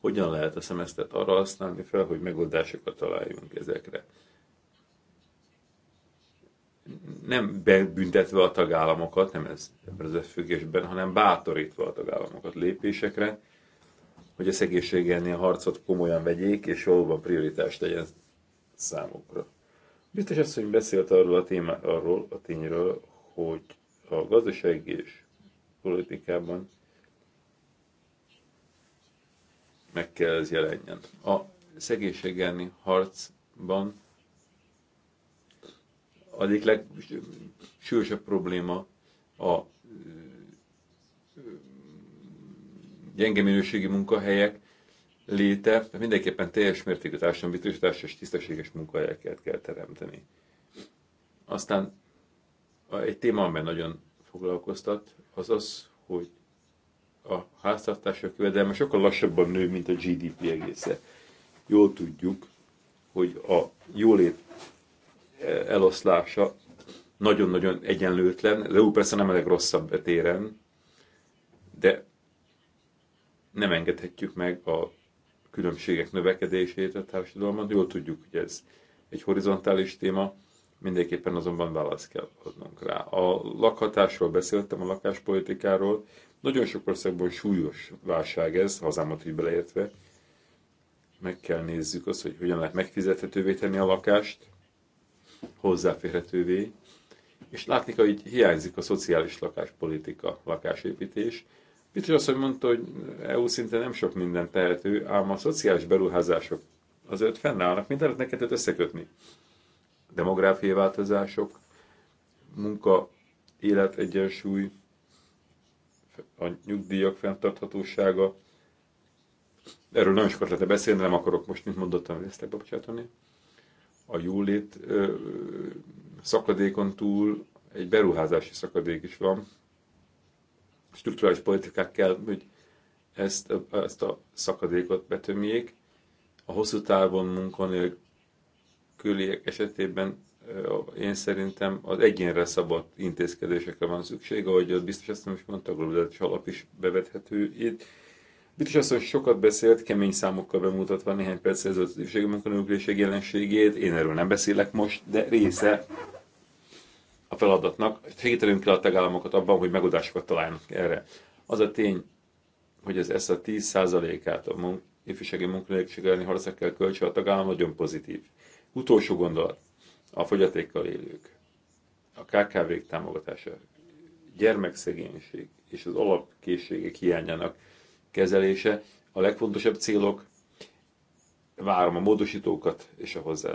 Hogyan lehet a szemesztet arra használni fel, hogy megoldásokat találjunk ezekre? Nem büntetve a tagállamokat, nem ez ebben az összefüggésben, hanem bátorítva a tagállamokat lépésekre, hogy a szegénység a harcot komolyan vegyék, és valóban prioritást tegyen számukra. Biztos hogy beszélt arról a, témá- arról a tényről, hogy a gazdaság és politikában meg kell ez jelenjen. A szegénység elleni harcban a egyik legsúlyosabb probléma a gyenge minőségi munkahelyek léte, mindenképpen teljes mértékű társadalmi biztosítás és tisztességes munkahelyeket kell teremteni. Aztán egy téma, amely nagyon foglalkoztat, az az, hogy a háztartások jövedelme sokkal lassabban nő, mint a GDP egésze. Jól tudjuk, hogy a jólét e, eloszlása nagyon-nagyon egyenlőtlen. de úgy persze nem a legrosszabb téren, de nem engedhetjük meg a különbségek növekedését a társadalomban. Jól tudjuk, hogy ez egy horizontális téma, mindenképpen azonban választ kell adnunk rá. A lakhatásról beszéltem, a lakáspolitikáról. Nagyon sok országban súlyos válság ez, hazámat így beleértve. Meg kell nézzük azt, hogy hogyan lehet megfizethetővé tenni a lakást, hozzáférhetővé, és látni, hogy hiányzik a szociális lakáspolitika, lakásépítés. Biztos azt, hogy mondta, hogy EU szinte nem sok minden tehető, ám a szociális beruházások azért fennállnak, mint lehet neked összekötni demográfiai változások, munka, egyensúly, a nyugdíjak fenntarthatósága. Erről nagyon sokat lehetne beszélni, nem akarok most, mint mondottam, részletekbe bocsátani. A jólét ö, szakadékon túl egy beruházási szakadék is van. Strukturális politikák kell, hogy ezt, ezt a szakadékot betömjék. A hosszú távon munkanélkül külliek esetében én szerintem az egyénre szabad intézkedésekre van szükség, ahogy ott biztos azt is mondta, a alap is bevethető itt. Biztos azt, hogy sokat beszélt, kemény számokkal bemutatva néhány perc ezelőtt az munkanélküliség jelenségét, én erről nem beszélek most, de része a feladatnak. Segítenünk kell a tagállamokat abban, hogy megoldásokat találjanak erre. Az a tény, hogy ez ezt a 10%-át a ifjúsági munkanélküliség elleni harcra kell költse, a tagállam nagyon pozitív. Utolsó gondolat. A fogyatékkal élők, a KKV-k támogatása, gyermekszegénység és az alapkészségek hiányának kezelése a legfontosabb célok. Várom a módosítókat és a az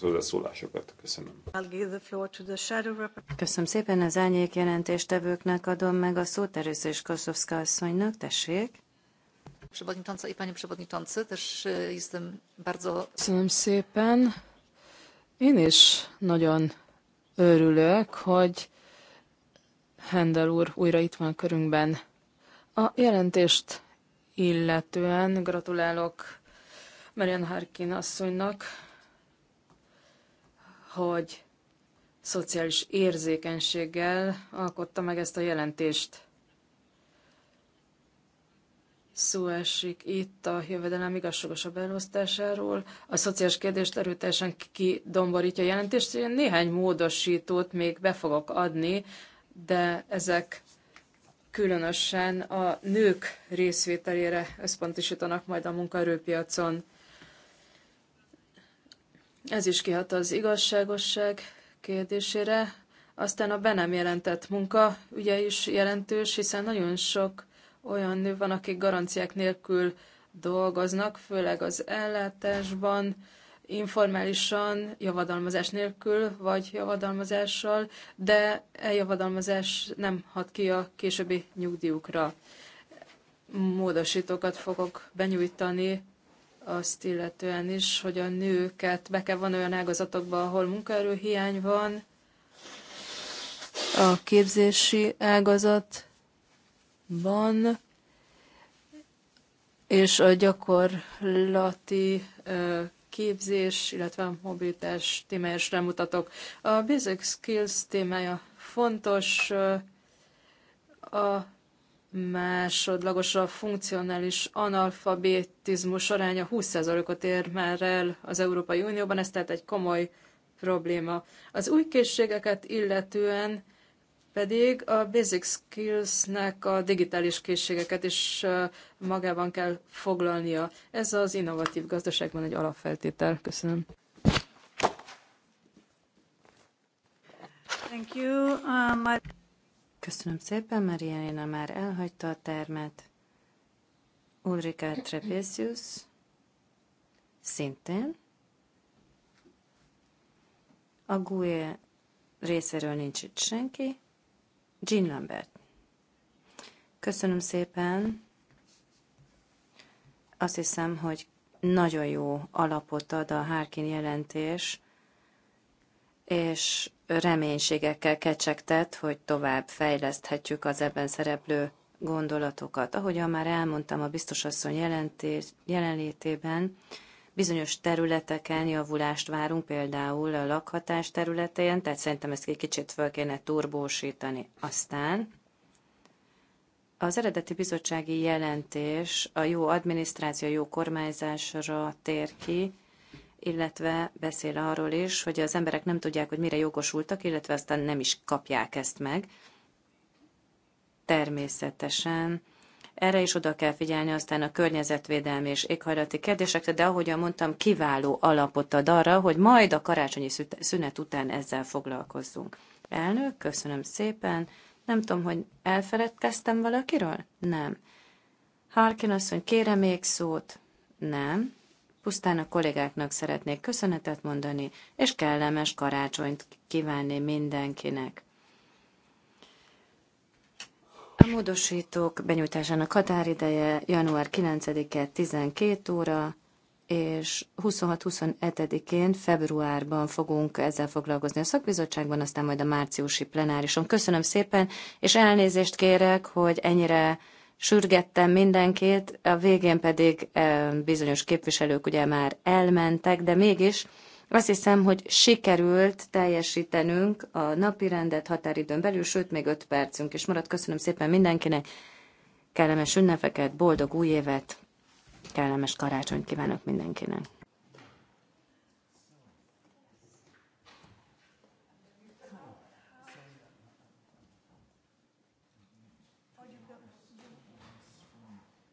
hozzászólásokat. Köszönöm. Köszönöm szépen az árnyék jelentéstevőknek adom meg a szót először is Koszovszka asszonynak. Tessék. Przewodnicząca i Panie Przewodniczący, też e, jestem bardzo... Köszönöm szépen. Én is nagyon örülök, hogy Hendel úr újra itt van körünkben. A jelentést illetően gratulálok Marian Harkin asszonynak, hogy szociális érzékenységgel alkotta meg ezt a jelentést. Szó esik itt a jövedelem igazságosabb elosztásáról. A szociális kérdést erőteljesen kidomborítja a jelentést. Én néhány módosítót még be fogok adni, de ezek különösen a nők részvételére összpontosítanak majd a munkaerőpiacon. Ez is kihat az igazságosság kérdésére. Aztán a be nem jelentett munka ugye is jelentős, hiszen nagyon sok olyan nő van, akik garanciák nélkül dolgoznak, főleg az ellátásban, informálisan, javadalmazás nélkül, vagy javadalmazással, de eljavadalmazás nem hat ki a későbbi nyugdíjukra. Módosítókat fogok benyújtani azt illetően is, hogy a nőket be kell van olyan ágazatokba, ahol munkaerőhiány van, a képzési ágazat van, és a gyakorlati képzés, illetve a mobilitás témája is remutatok. A Basic Skills témája fontos, a másodlagos a funkcionális analfabetizmus aránya 20%-ot ér már el az Európai Unióban, ez tehát egy komoly probléma. Az új készségeket illetően pedig a Basic Skills-nek a digitális készségeket is magában kell foglalnia. Ez az innovatív gazdaságban egy alapfeltétel. Köszönöm. Thank you, uh, Mar- Köszönöm szépen, Mariana már elhagyta a termet. Ulrika Trebesius szintén. A GUE részéről nincs itt senki. Jean Lambert. Köszönöm szépen. Azt hiszem, hogy nagyon jó alapot ad a Harkin jelentés, és reménységekkel kecsegtet, hogy tovább fejleszthetjük az ebben szereplő gondolatokat. Ahogyan már elmondtam a biztosasszony jelentés, jelenlétében, Bizonyos területeken javulást várunk, például a lakhatás területén, tehát szerintem ezt egy kicsit föl kéne turbósítani. Aztán az eredeti bizottsági jelentés a jó adminisztráció, a jó kormányzásra tér ki, illetve beszél arról is, hogy az emberek nem tudják, hogy mire jogosultak, illetve aztán nem is kapják ezt meg. Természetesen erre is oda kell figyelni aztán a környezetvédelmi és éghajlati kérdésekre, de ahogyan mondtam, kiváló alapot ad arra, hogy majd a karácsonyi szünet után ezzel foglalkozzunk. Elnök, köszönöm szépen. Nem tudom, hogy elfeledkeztem valakiről? Nem. Harkin asszony, kérem még szót? Nem. Pusztán a kollégáknak szeretnék köszönetet mondani, és kellemes karácsonyt kívánni mindenkinek. A módosítók benyújtásának határideje január 9-e 12 óra, és 26-27-én februárban fogunk ezzel foglalkozni a szakbizottságban, aztán majd a márciusi plenárison. Köszönöm szépen, és elnézést kérek, hogy ennyire sürgettem mindenkit, a végén pedig eh, bizonyos képviselők ugye már elmentek, de mégis azt hiszem, hogy sikerült teljesítenünk a napi rendet határidőn belül, sőt, még 5 percünk is maradt. Köszönöm szépen mindenkinek, kellemes ünnepeket, boldog új évet, kellemes karácsonyt kívánok mindenkinek.